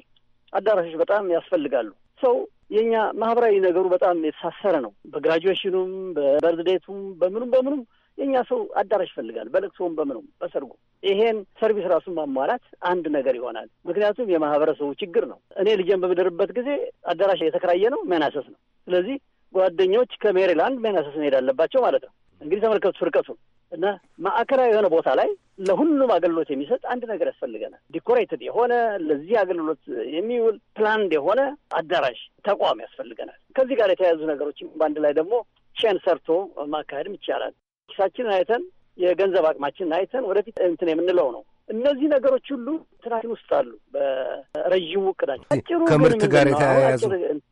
አዳራሾች በጣም ያስፈልጋሉ። ሰው የእኛ ማህበራዊ ነገሩ በጣም የተሳሰረ ነው። በግራጁዌሽኑም፣ በበርዝዴቱም፣ በምኑም በምኑም የእኛ ሰው አዳራሽ ይፈልጋል። በለቅሶውም፣ በምኑም፣ በሰርጉ ይሄን ሰርቪስ ራሱን ማሟላት አንድ ነገር ይሆናል። ምክንያቱም የማህበረሰቡ ችግር ነው። እኔ ልጄን በምድርበት ጊዜ አዳራሽ የተከራየ ነው መናሰስ ነው። ስለዚህ ጓደኞች ከሜሪላንድ መናሰስ መሄድ አለባቸው ማለት ነው። እንግዲህ ተመልከቱ ፍርቀቱን እና ማዕከላዊ የሆነ ቦታ ላይ ለሁሉም አገልግሎት የሚሰጥ አንድ ነገር ያስፈልገናል። ዲኮሬትድ የሆነ ለዚህ አገልግሎት የሚውል ፕላንድ የሆነ አዳራሽ ተቋም ያስፈልገናል። ከዚህ ጋር የተያያዙ ነገሮችም በአንድ ላይ ደግሞ ቼን ሰርቶ ማካሄድም ይቻላል። ኪሳችንን አይተን የገንዘብ አቅማችንን አይተን ወደፊት እንትን የምንለው ነው። እነዚህ ነገሮች ሁሉ እንትናችን ውስጥ አሉ። በረዥሙ እቅዳችን ከምርት ጋር የተያያዙ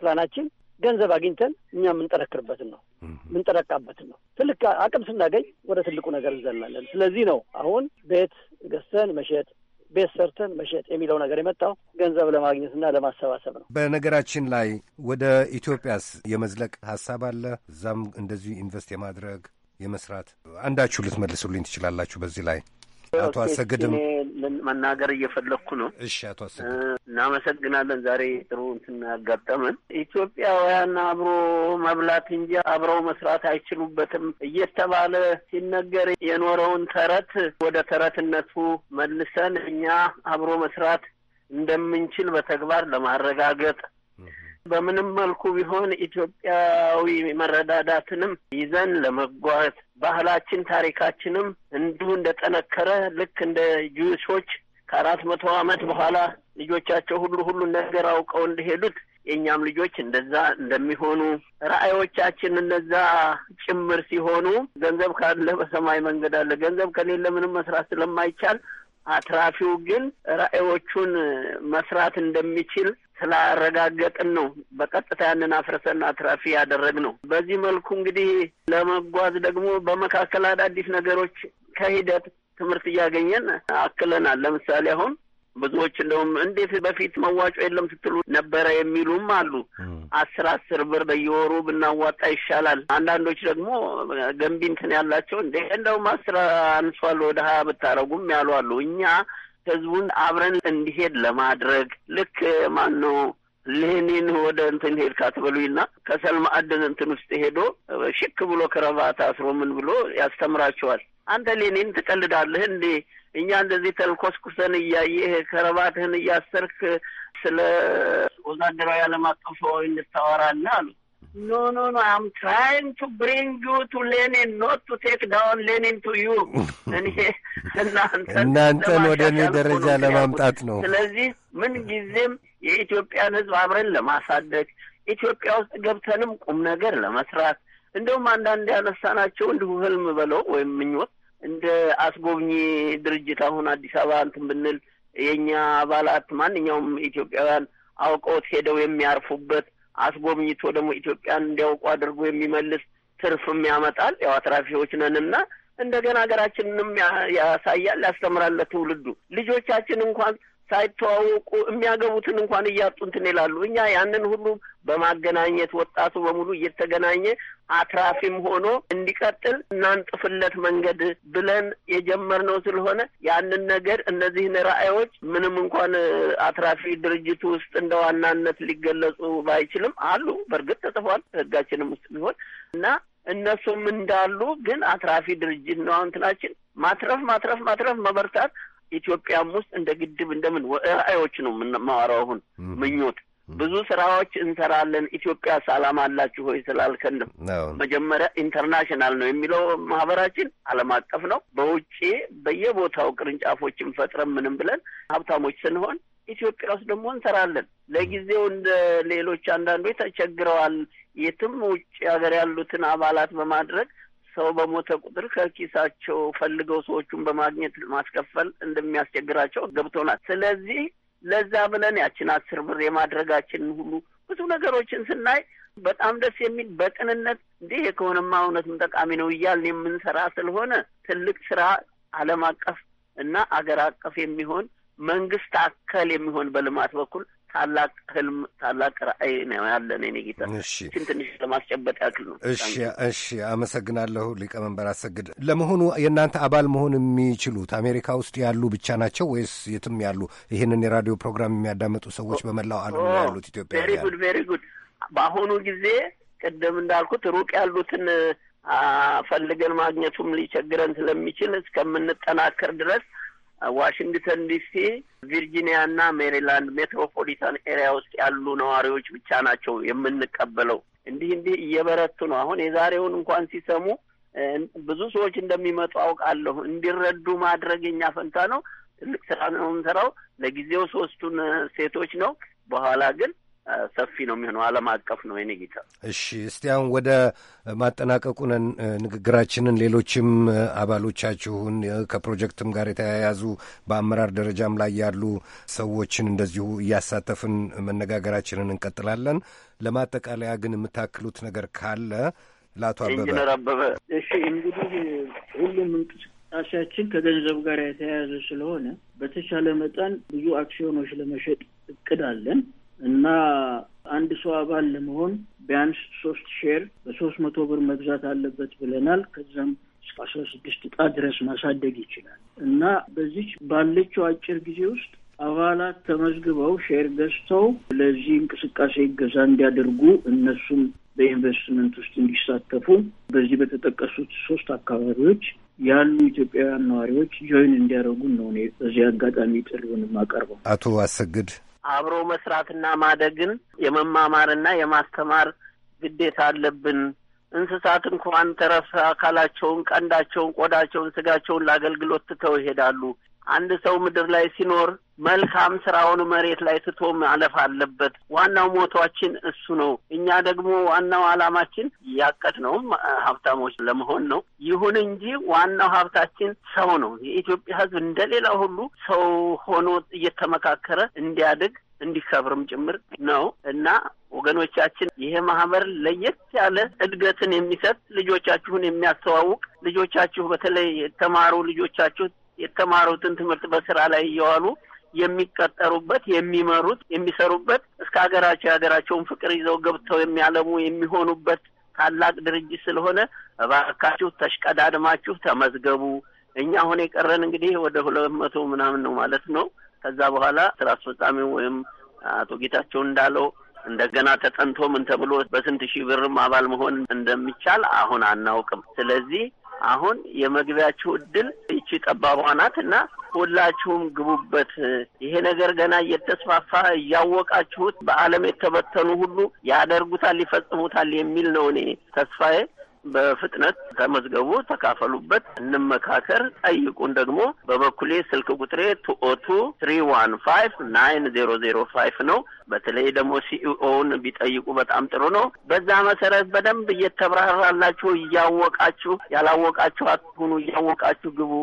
ፕላናችን ገንዘብ አግኝተን እኛ የምንጠረክርበትን ነው የምንጠረቃበትን ነው። ትልቅ አቅም ስናገኝ ወደ ትልቁ ነገር እንዘላለን። ስለዚህ ነው አሁን ቤት ገዝተን መሸጥ ቤት ሰርተን መሸጥ የሚለው ነገር የመጣው ገንዘብ ለማግኘትና ለማሰባሰብ ነው። በነገራችን ላይ ወደ ኢትዮጵያስ የመዝለቅ ሀሳብ አለ። እዛም እንደዚሁ ኢንቨስት የማድረግ የመስራት አንዳችሁ ልትመልሱልኝ ትችላላችሁ በዚህ ላይ አቶ አሰግድም መናገር እየፈለግኩ ነው። እሺ አቶ አሰግድም እናመሰግናለን። ዛሬ ጥሩ እንትን ያጋጠመን ኢትዮጵያውያን አብሮ መብላት እንጂ አብረው መስራት አይችሉበትም እየተባለ ሲነገር የኖረውን ተረት ወደ ተረትነቱ መልሰን እኛ አብሮ መስራት እንደምንችል በተግባር ለማረጋገጥ በምንም መልኩ ቢሆን ኢትዮጵያዊ መረዳዳትንም ይዘን ለመጓዝ ባህላችን ታሪካችንም እንዲሁ እንደጠነከረ ልክ እንደ ጁሶች ከአራት መቶ ዓመት በኋላ ልጆቻቸው ሁሉ ሁሉ ነገር አውቀው እንደሄዱት የእኛም ልጆች እንደዛ እንደሚሆኑ ራዕዮቻችን እነዛ ጭምር ሲሆኑ ገንዘብ ካለ በሰማይ መንገድ አለ። ገንዘብ ከሌለ ምንም መስራት ስለማይቻል አትራፊው ግን ራዕዮቹን መስራት እንደሚችል ስላረጋገጥን ነው በቀጥታ ያንን አፍርሰን አትራፊ ያደረግነው። በዚህ መልኩ እንግዲህ ለመጓዝ ደግሞ በመካከል አዳዲስ ነገሮች ከሂደት ትምህርት እያገኘን አክለናል። ለምሳሌ አሁን ብዙዎች እንደውም እንዴት በፊት መዋጮ የለም ስትሉ ነበረ የሚሉም አሉ። አስር አስር ብር በየወሩ ብናዋጣ ይሻላል። አንዳንዶች ደግሞ ገንቢ እንትን ያላቸው እንደ እንደውም አስር አንሷል ወደ ሀያ ብታረጉም ያሉ አሉ። እኛ ህዝቡን አብረን እንዲሄድ ለማድረግ ልክ ማን ነው ሌኒን ወደ እንትን ሄድ ካትበሉኝና ከሰልማ ማዕድን እንትን ውስጥ ሄዶ ሽክ ብሎ ክረባት አስሮ ምን ብሎ ያስተምራቸዋል። አንተ ሌኒን ትቀልዳለህ እንዴ? እኛ እንደዚህ ተልኮስኩሰን እያየህ ከረባትህን እያሰርክ ስለ ወዛደራዊ ዓለም አቀፍ ሰዋዊነት ታወራለህ አሉት። No, no, no. I'm trying to bring you to Lenin, not to take down Lenin to you. እናንተን ወደ እኔ ደረጃ ለማምጣት ነው። ስለዚህ ምን ጊዜም የኢትዮጵያን ሕዝብ አብረን ለማሳደግ ኢትዮጵያ ውስጥ ገብተንም ቁም ነገር ለመስራት እንደውም አንዳንድ ያነሳናቸው እንዲሁ ህልም በለው ወይም ምኞት እንደ አስጎብኚ ድርጅት አሁን አዲስ አበባ እንትን ብንል የእኛ አባላት ማንኛውም ኢትዮጵያውያን አውቀውት ሄደው የሚያርፉበት አስጎብኝቶ ደግሞ ኢትዮጵያን እንዲያውቁ አድርጎ የሚመልስ ትርፍም ያመጣል። ያው አትራፊዎች ነንና እንደገና ሀገራችንንም ያሳያል፣ ያስተምራል ለትውልዱ ልጆቻችን እንኳን ሳይተዋወቁ የሚያገቡትን እንኳን እያጡ እንትን ይላሉ። እኛ ያንን ሁሉ በማገናኘት ወጣቱ በሙሉ እየተገናኘ አትራፊም ሆኖ እንዲቀጥል እናንጥፍለት መንገድ ብለን የጀመርነው ስለሆነ ያንን ነገር እነዚህን ራዕዮች ምንም እንኳን አትራፊ ድርጅት ውስጥ እንደ ዋናነት ሊገለጹ ባይችልም አሉ። በእርግጥ ተጽፏል ሕጋችንም ውስጥ ቢሆን እና እነሱም እንዳሉ ግን አትራፊ ድርጅት ነው እንትናችን ማትረፍ ማትረፍ ማትረፍ መበርታት ኢትዮጵያም ውስጥ እንደ ግድብ እንደምን ራዕዮች ነው የምናወራው። አሁን ምኞት ብዙ ስራዎች እንሰራለን። ኢትዮጵያ ሰላም አላችሁ ሆይ ስላልከን ነው። መጀመሪያ ኢንተርናሽናል ነው የሚለው ማህበራችን ዓለም አቀፍ ነው። በውጭ በየቦታው ቅርንጫፎችን ፈጥረን ምንም ብለን ሀብታሞች ስንሆን ኢትዮጵያ ውስጥ ደግሞ እንሰራለን። ለጊዜው እንደ ሌሎች አንዳንዶች ተቸግረዋል። የትም ውጭ ሀገር ያሉትን አባላት በማድረግ ሰው በሞተ ቁጥር ከኪሳቸው ፈልገው ሰዎቹን በማግኘት ማስከፈል እንደሚያስቸግራቸው ገብቶናል። ስለዚህ ለዛ ብለን ያችን አስር ብር የማድረጋችንን ሁሉ ብዙ ነገሮችን ስናይ በጣም ደስ የሚል በቅንነት እንዲህ ከሆነማ እውነትም ጠቃሚ ነው እያልን የምንሰራ ስለሆነ ትልቅ ስራ ዓለም አቀፍ እና አገር አቀፍ የሚሆን መንግስት አካል የሚሆን በልማት በኩል ታላቅ ህልም ታላቅ ራዕይ ነው ያለን የኔ ጌታ። እሺን ትንሽ ለማስጨበጥ ያክል ነው። እሺ፣ እሺ፣ አመሰግናለሁ ሊቀመንበር አሰግድ። ለመሆኑ የእናንተ አባል መሆን የሚችሉት አሜሪካ ውስጥ ያሉ ብቻ ናቸው ወይስ የትም ያሉ ይህንን የራዲዮ ፕሮግራም የሚያዳምጡ ሰዎች በመላው ዓለም ያሉት ኢትዮጵያ? ቬሪ ጉድ፣ ቬሪ ጉድ። በአሁኑ ጊዜ ቅድም እንዳልኩት ሩቅ ያሉትን ፈልገን ማግኘቱም ሊቸግረን ስለሚችል እስከምንጠናከር ድረስ ዋሽንግተን ዲሲ፣ ቪርጂኒያ እና ሜሪላንድ ሜትሮፖሊታን ኤሪያ ውስጥ ያሉ ነዋሪዎች ብቻ ናቸው የምንቀበለው። እንዲህ እንዲህ እየበረቱ ነው። አሁን የዛሬውን እንኳን ሲሰሙ ብዙ ሰዎች እንደሚመጡ አውቃለሁ። እንዲረዱ ማድረግ የኛ ፈንታ ነው። ትልቅ ስራ ነው የምንሰራው። ለጊዜው ሶስቱን ሴቶች ነው። በኋላ ግን ሰፊ ነው የሚሆነው። ዓለም አቀፍ ነው የኔ ጌታ። እሺ እስቲ አሁን ወደ ማጠናቀቁ ነን ንግግራችንን። ሌሎችም አባሎቻችሁን ከፕሮጀክትም ጋር የተያያዙ በአመራር ደረጃም ላይ ያሉ ሰዎችን እንደዚሁ እያሳተፍን መነጋገራችንን እንቀጥላለን። ለማጠቃለያ ግን የምታክሉት ነገር ካለ ለአቶ አበበ ኢንጂነር አበበ። እሺ እንግዲህ ሁሉም እንቅስቃሴያችን ከገንዘብ ጋር የተያያዘ ስለሆነ በተቻለ መጠን ብዙ አክሲዮኖች ለመሸጥ እቅድ አለን እና አንድ ሰው አባል ለመሆን ቢያንስ ሶስት ሼር በሶስት መቶ ብር መግዛት አለበት ብለናል። ከዚም እስከ አስራ ስድስት እጣ ድረስ ማሳደግ ይችላል እና በዚች ባለችው አጭር ጊዜ ውስጥ አባላት ተመዝግበው ሼር ገዝተው ለዚህ እንቅስቃሴ ይገዛ እንዲያደርጉ እነሱም በኢንቨስትመንት ውስጥ እንዲሳተፉ በዚህ በተጠቀሱት ሶስት አካባቢዎች ያሉ ኢትዮጵያውያን ነዋሪዎች ጆይን እንዲያደርጉ ነው እኔ በዚህ አጋጣሚ ጥሪውን የማቀርበው። አቶ አሰግድ አብሮ መስራትና ማደግን የመማማርና የማስተማር ግዴታ አለብን። እንስሳት እንኳን ተረፈ አካላቸውን፣ ቀንዳቸውን፣ ቆዳቸውን፣ ስጋቸውን ለአገልግሎት ትተው ይሄዳሉ። አንድ ሰው ምድር ላይ ሲኖር መልካም ስራውን መሬት ላይ ትቶ ማለፍ አለበት። ዋናው ሞቷችን እሱ ነው። እኛ ደግሞ ዋናው አላማችን ያቀድነውም ሀብታሞች ለመሆን ነው። ይሁን እንጂ ዋናው ሀብታችን ሰው ነው። የኢትዮጵያ ሕዝብ እንደሌላ ሁሉ ሰው ሆኖ እየተመካከረ እንዲያድግ እንዲከብርም ጭምር ነው እና ወገኖቻችን ይሄ ማህበር ለየት ያለ እድገትን የሚሰጥ ልጆቻችሁን የሚያስተዋውቅ ልጆቻችሁ በተለይ የተማሩ ልጆቻችሁ የተማሩትን ትምህርት በስራ ላይ እየዋሉ የሚቀጠሩበት የሚመሩት የሚሰሩበት እስከ ሀገራቸው የሀገራቸውን ፍቅር ይዘው ገብተው የሚያለሙ የሚሆኑበት ታላቅ ድርጅት ስለሆነ እባካችሁ ተሽቀዳድማችሁ ተመዝገቡ። እኛ አሁን የቀረን እንግዲህ ወደ ሁለት መቶ ምናምን ነው ማለት ነው። ከዛ በኋላ ስራ አስፈጻሚው ወይም አቶ ጌታቸው እንዳለው እንደገና ተጠንቶ ምን ተብሎ በስንት ሺህ ብርም አባል መሆን እንደሚቻል አሁን አናውቅም። ስለዚህ አሁን የመግቢያችሁ እድል ይቺ ጠባቧ ናት እና ሁላችሁም ግቡበት። ይሄ ነገር ገና እየተስፋፋ እያወቃችሁት በዓለም የተበተኑ ሁሉ ያደርጉታል፣ ይፈጽሙታል የሚል ነው እኔ ተስፋዬ። በፍጥነት ተመዝገቡ፣ ተካፈሉበት፣ እንመካከር። ጠይቁን ደግሞ በበኩሌ ስልክ ቁጥሬ ቱኦቱ ትሪ ዋን ፋይቭ ናይን ዜሮ ዜሮ ፋይቭ ነው። በተለይ ደግሞ ሲኢኦውን ቢጠይቁ በጣም ጥሩ ነው። በዛ መሰረት በደንብ እየተብራራላችሁ እያወቃችሁ ያላወቃችሁ አትሁኑ፣ እያወቃችሁ ግቡ።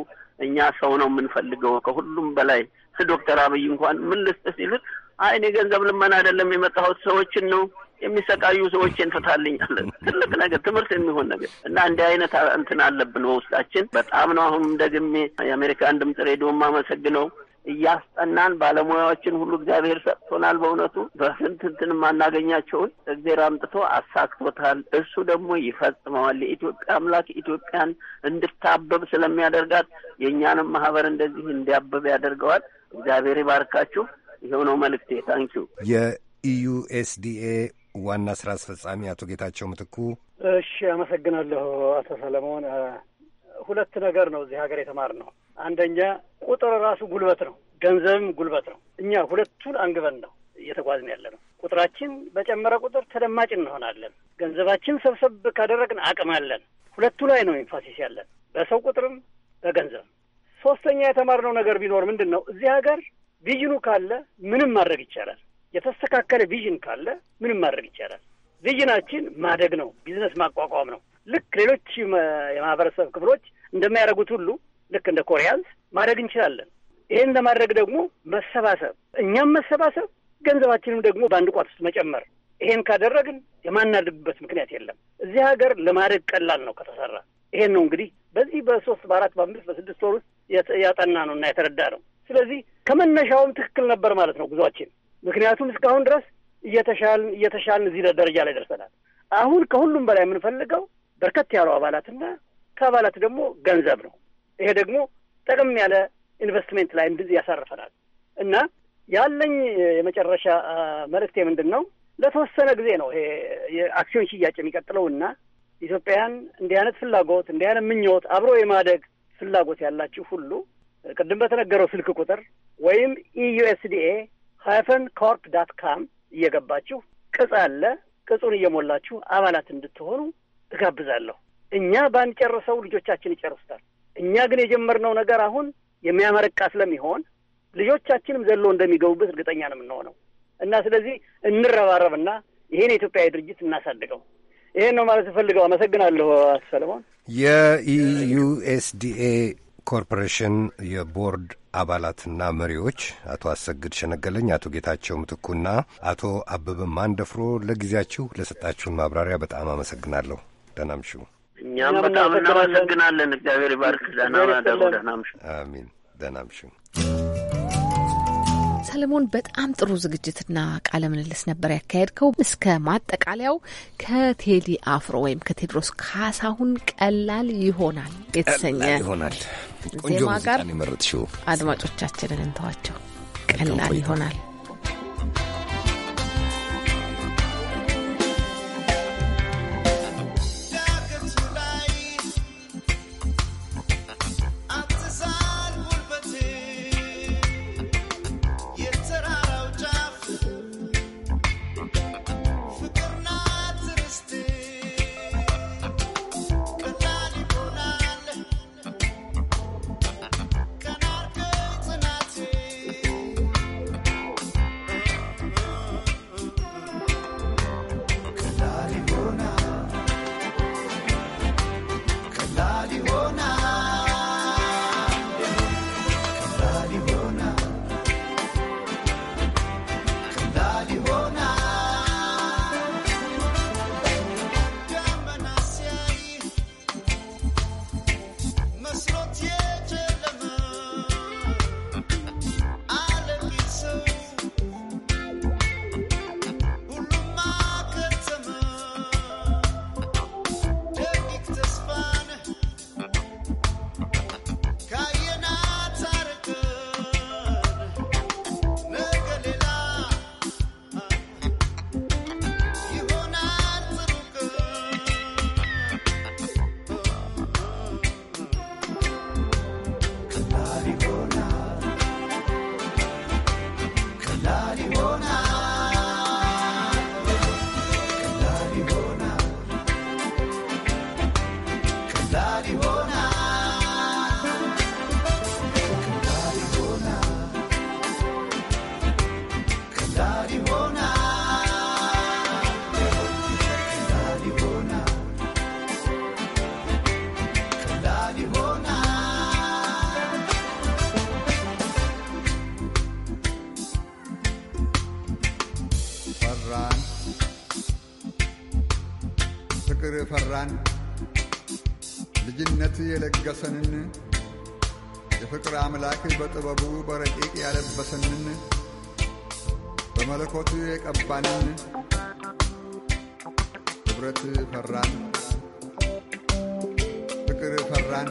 እኛ ሰው ነው የምንፈልገው ከሁሉም በላይ ዶክተር አብይ እንኳን ምን ልስጥ ሲሉት አይ እኔ ገንዘብ ልመን አይደለም የመጣሁት ሰዎችን ነው የሚሰቃዩ ሰዎች እንፈታልኛል። ትልቅ ነገር ትምህርት የሚሆን ነገር እና እንዲህ አይነት እንትን አለብን በውስጣችን በጣም ነው። አሁንም ደግሜ የአሜሪካን ድምፅ ሬዲዮም አመሰግነው እያስጠናን ባለሙያዎችን ሁሉ እግዚአብሔር ሰጥቶናል። በእውነቱ በስንት እንትን የማናገኛቸውን እግዜር አምጥቶ አሳክቶታል። እሱ ደግሞ ይፈጽመዋል። የኢትዮጵያ አምላክ ኢትዮጵያን እንድታበብ ስለሚያደርጋት የእኛንም ማህበር እንደዚህ እንዲያበብ ያደርገዋል። እግዚአብሔር ይባርካችሁ። ይኸው ነው መልእክቴ። ታንኪዩ። የኢዩኤስዲኤ ዋና ስራ አስፈጻሚ አቶ ጌታቸው ምትኩ። እሺ፣ አመሰግናለሁ አቶ ሰለሞን። ሁለት ነገር ነው እዚህ ሀገር የተማርነው። አንደኛ ቁጥር ራሱ ጉልበት ነው፣ ገንዘብም ጉልበት ነው። እኛ ሁለቱን አንግበን ነው እየተጓዝን ያለ ነው። ቁጥራችን በጨመረ ቁጥር ተደማጭ እንሆናለን። ገንዘባችን ሰብሰብ ካደረግን አቅም አለን። ሁለቱ ላይ ነው ኤንፋሲስ ያለን፣ በሰው ቁጥርም በገንዘብ። ሶስተኛ የተማርነው ነገር ቢኖር ምንድን ነው እዚህ ሀገር ቪዥኑ ካለ ምንም ማድረግ ይቻላል። የተስተካከለ ቪዥን ካለ ምንም ማድረግ ይቻላል። ቪዥናችን ማደግ ነው፣ ቢዝነስ ማቋቋም ነው። ልክ ሌሎች የማህበረሰብ ክፍሎች እንደሚያደርጉት ሁሉ ልክ እንደ ኮሪያንስ ማድረግ እንችላለን። ይህን ለማድረግ ደግሞ መሰባሰብ፣ እኛም መሰባሰብ፣ ገንዘባችንም ደግሞ በአንድ ቋት ውስጥ መጨመር። ይሄን ካደረግን የማናድግበት ምክንያት የለም። እዚህ ሀገር ለማደግ ቀላል ነው ከተሰራ። ይሄን ነው እንግዲህ በዚህ በሶስት በአራት በአምስት በስድስት ወር ውስጥ ያጠና ነው እና የተረዳ ነው። ስለዚህ ከመነሻውም ትክክል ነበር ማለት ነው ጉዟችን። ምክንያቱም እስካሁን ድረስ እየተሻልን እየተሻልን እዚህ ደረጃ ላይ ደርሰናል። አሁን ከሁሉም በላይ የምንፈልገው በርከት ያሉ አባላትና ከአባላት ደግሞ ገንዘብ ነው። ይሄ ደግሞ ጠቅም ያለ ኢንቨስትሜንት ላይ እንድዚህ ያሳርፈናል እና ያለኝ የመጨረሻ መልእክቴ ምንድን ነው? ለተወሰነ ጊዜ ነው ይሄ የአክሲዮን ሽያጭ የሚቀጥለው እና ኢትዮጵያውያን እንዲህ አይነት ፍላጎት እንዲህ አይነት ምኞት አብሮ የማደግ ፍላጎት ያላችሁ ሁሉ ቅድም በተነገረው ስልክ ቁጥር ወይም ኢዩኤስዲኤ ሃይፈን ኮርፕ ዳት ካም እየገባችሁ ቅጽ አለ። ቅጹን እየሞላችሁ አባላት እንድትሆኑ እጋብዛለሁ። እኛ ባንጨርሰው ልጆቻችን ይጨርሱታል። እኛ ግን የጀመርነው ነገር አሁን የሚያመረቃ ስለሚሆን ልጆቻችንም ዘሎ እንደሚገቡበት እርግጠኛ ነው የምንሆነው እና ስለዚህ እንረባረብና ይህን የኢትዮጵያዊ ድርጅት እናሳድገው። ይህን ነው ማለት ፈልገው አመሰግናለሁ ሰለሞን። የኢዩኤስዲኤ ኮርፖሬሽን የቦርድ አባላትና መሪዎች አቶ አሰግድ ሸነገለኝ፣ አቶ ጌታቸው ምትኩና አቶ አበበ ማንደፍሮ ለጊዜያችሁ ለሰጣችሁን ማብራሪያ በጣም አመሰግናለሁ። ደህናም ምሹ። እኛም በጣም እናመሰግናለን። እግዚአብሔር ይባርክ። ደህና ደሩ። ደህና ምሹ። አሚን። ደህና ምሹ። ሰለሞን፣ በጣም ጥሩ ዝግጅትና ቃለ ምልልስ ነበር ያካሄድከው። እስከ ማጠቃለያው ከቴዲ አፍሮ ወይም ከቴድሮስ ካሳሁን ቀላል ይሆናል የተሰኘ ይሆናል ዜማ ጋር አድማጮቻችንን እንተዋቸው። ቀላል ይሆናል ይገሰንን የፍቅር አምላክ በጥበቡ በረቂቅ ያለበሰንን በመለኮቱ የቀባንን ኅብረት ፈራን፣ ፍቅር ፈራን።